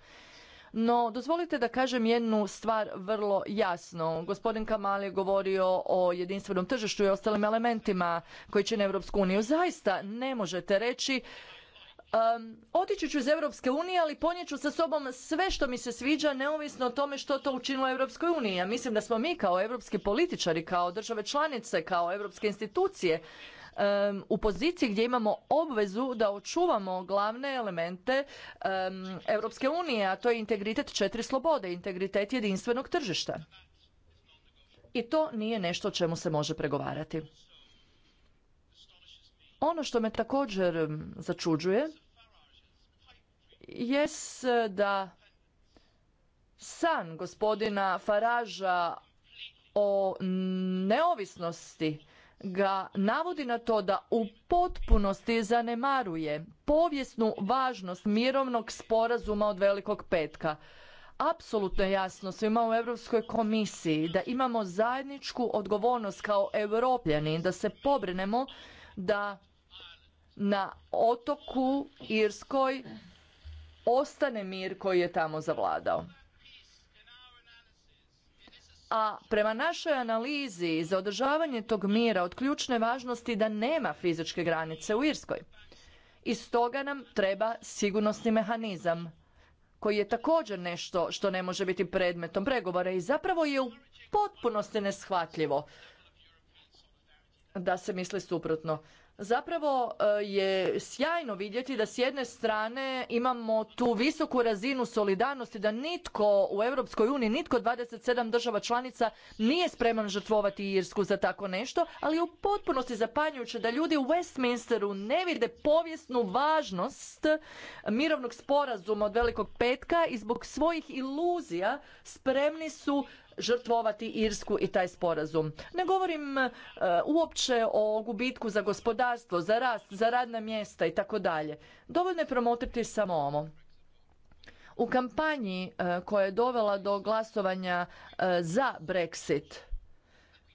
No, dozvolite da kažem jednu stvar vrlo jasno. Gospodin Kamal je govorio o jedinstvenom tržištu i ostalim elementima koji čine Europsku uniju. Zaista ne možete reći um, otići ću iz Europske unije, ali ponijet ću sa sobom sve što mi se sviđa, neovisno o tome što to učinilo Europskoj uniji. mislim da smo mi kao europski političari, kao države članice, kao europske institucije um, u poziciji gdje imamo obvezu da očuvamo glavne elemente um, Europske unije, a to je integritet četiri slobode, integritet jedinstvenog tržišta. I to nije nešto o čemu se može pregovarati. Ono što me također začuđuje jest da san gospodina Faraža o neovisnosti ga navodi na to da u potpunosti zanemaruje povijesnu važnost mirovnog sporazuma od Velikog petka. Apsolutno je jasno svima u Europskoj komisiji da imamo zajedničku odgovornost kao europljani da se pobrinemo da na otoku Irskoj ostane mir koji je tamo zavladao a prema našoj analizi za održavanje tog mira od ključne važnosti da nema fizičke granice u Irskoj. I stoga nam treba sigurnosni mehanizam koji je također nešto što ne može biti predmetom pregovora i zapravo je u potpunosti neshvatljivo da se misli suprotno. Zapravo e, je sjajno vidjeti da s jedne strane imamo tu visoku razinu solidarnosti da nitko u Europskoj uniji, nitko 27 država članica nije spreman žrtvovati Irsku za tako nešto, ali je u potpunosti zapanjujuće da ljudi u Westminsteru ne vide povijesnu važnost mirovnog sporazuma od Velikog petka i zbog svojih iluzija spremni su žrtvovati Irsku i taj sporazum. Ne govorim e, uopće o gubitku za gospodarstvo, za rast, za radna mjesta i tako dalje. Dovoljno je promotriti samo ovo. U kampanji e, koja je dovela do glasovanja e, za Brexit,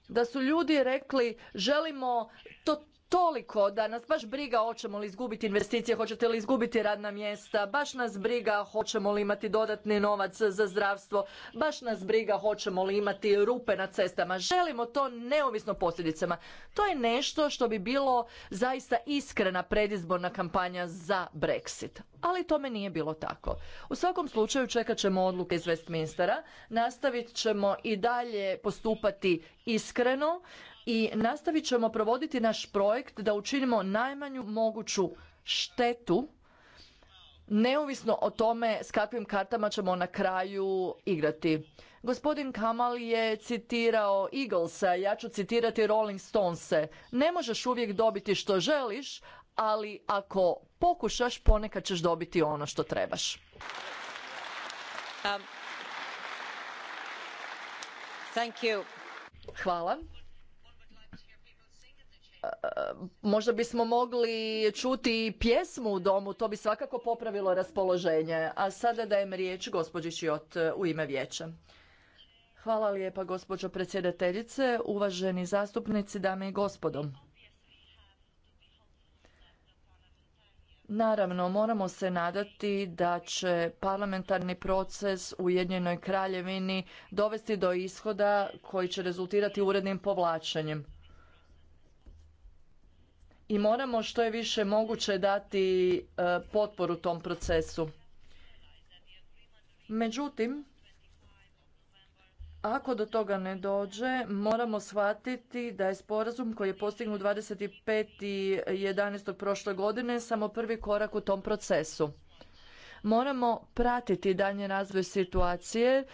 da su ljudi rekli želimo to toliko da nas baš briga hoćemo li izgubiti investicije, hoćete li izgubiti radna mjesta, baš nas briga hoćemo li imati dodatni novac za zdravstvo, baš nas briga hoćemo li imati rupe na cestama. Želimo to neovisno posljedicama. To je nešto što bi bilo zaista iskrena predizborna kampanja za Brexit. Ali tome nije bilo tako. U svakom slučaju čekat ćemo odluke iz Westminstera, nastavit ćemo i dalje postupati iskreno, i nastavit ćemo provoditi naš projekt da učinimo najmanju moguću štetu neovisno o tome s kakvim kartama ćemo na kraju igrati. Gospodin Kamal je citirao Eaglesa, ja ću citirati Rolling Stonese. Ne možeš uvijek dobiti što želiš, ali ako pokušaš ponekad ćeš dobiti ono što trebaš. Um, Hvala možda bismo mogli čuti pjesmu u domu, to bi svakako popravilo raspoloženje. A sada dajem riječ gospođi Šiot e, u ime vijeća. Hvala lijepa gospođo predsjedateljice, uvaženi zastupnici, dame i gospodo. Naravno, moramo se nadati da će parlamentarni proces u Ujedinjenoj kraljevini dovesti do ishoda koji će rezultirati urednim povlačenjem i moramo što je više moguće dati e, potporu tom procesu. Međutim, ako do toga ne dođe, moramo shvatiti da je sporazum koji je postignut 25.11. prošle godine samo prvi korak u tom procesu. Moramo pratiti dalje razvoj situacije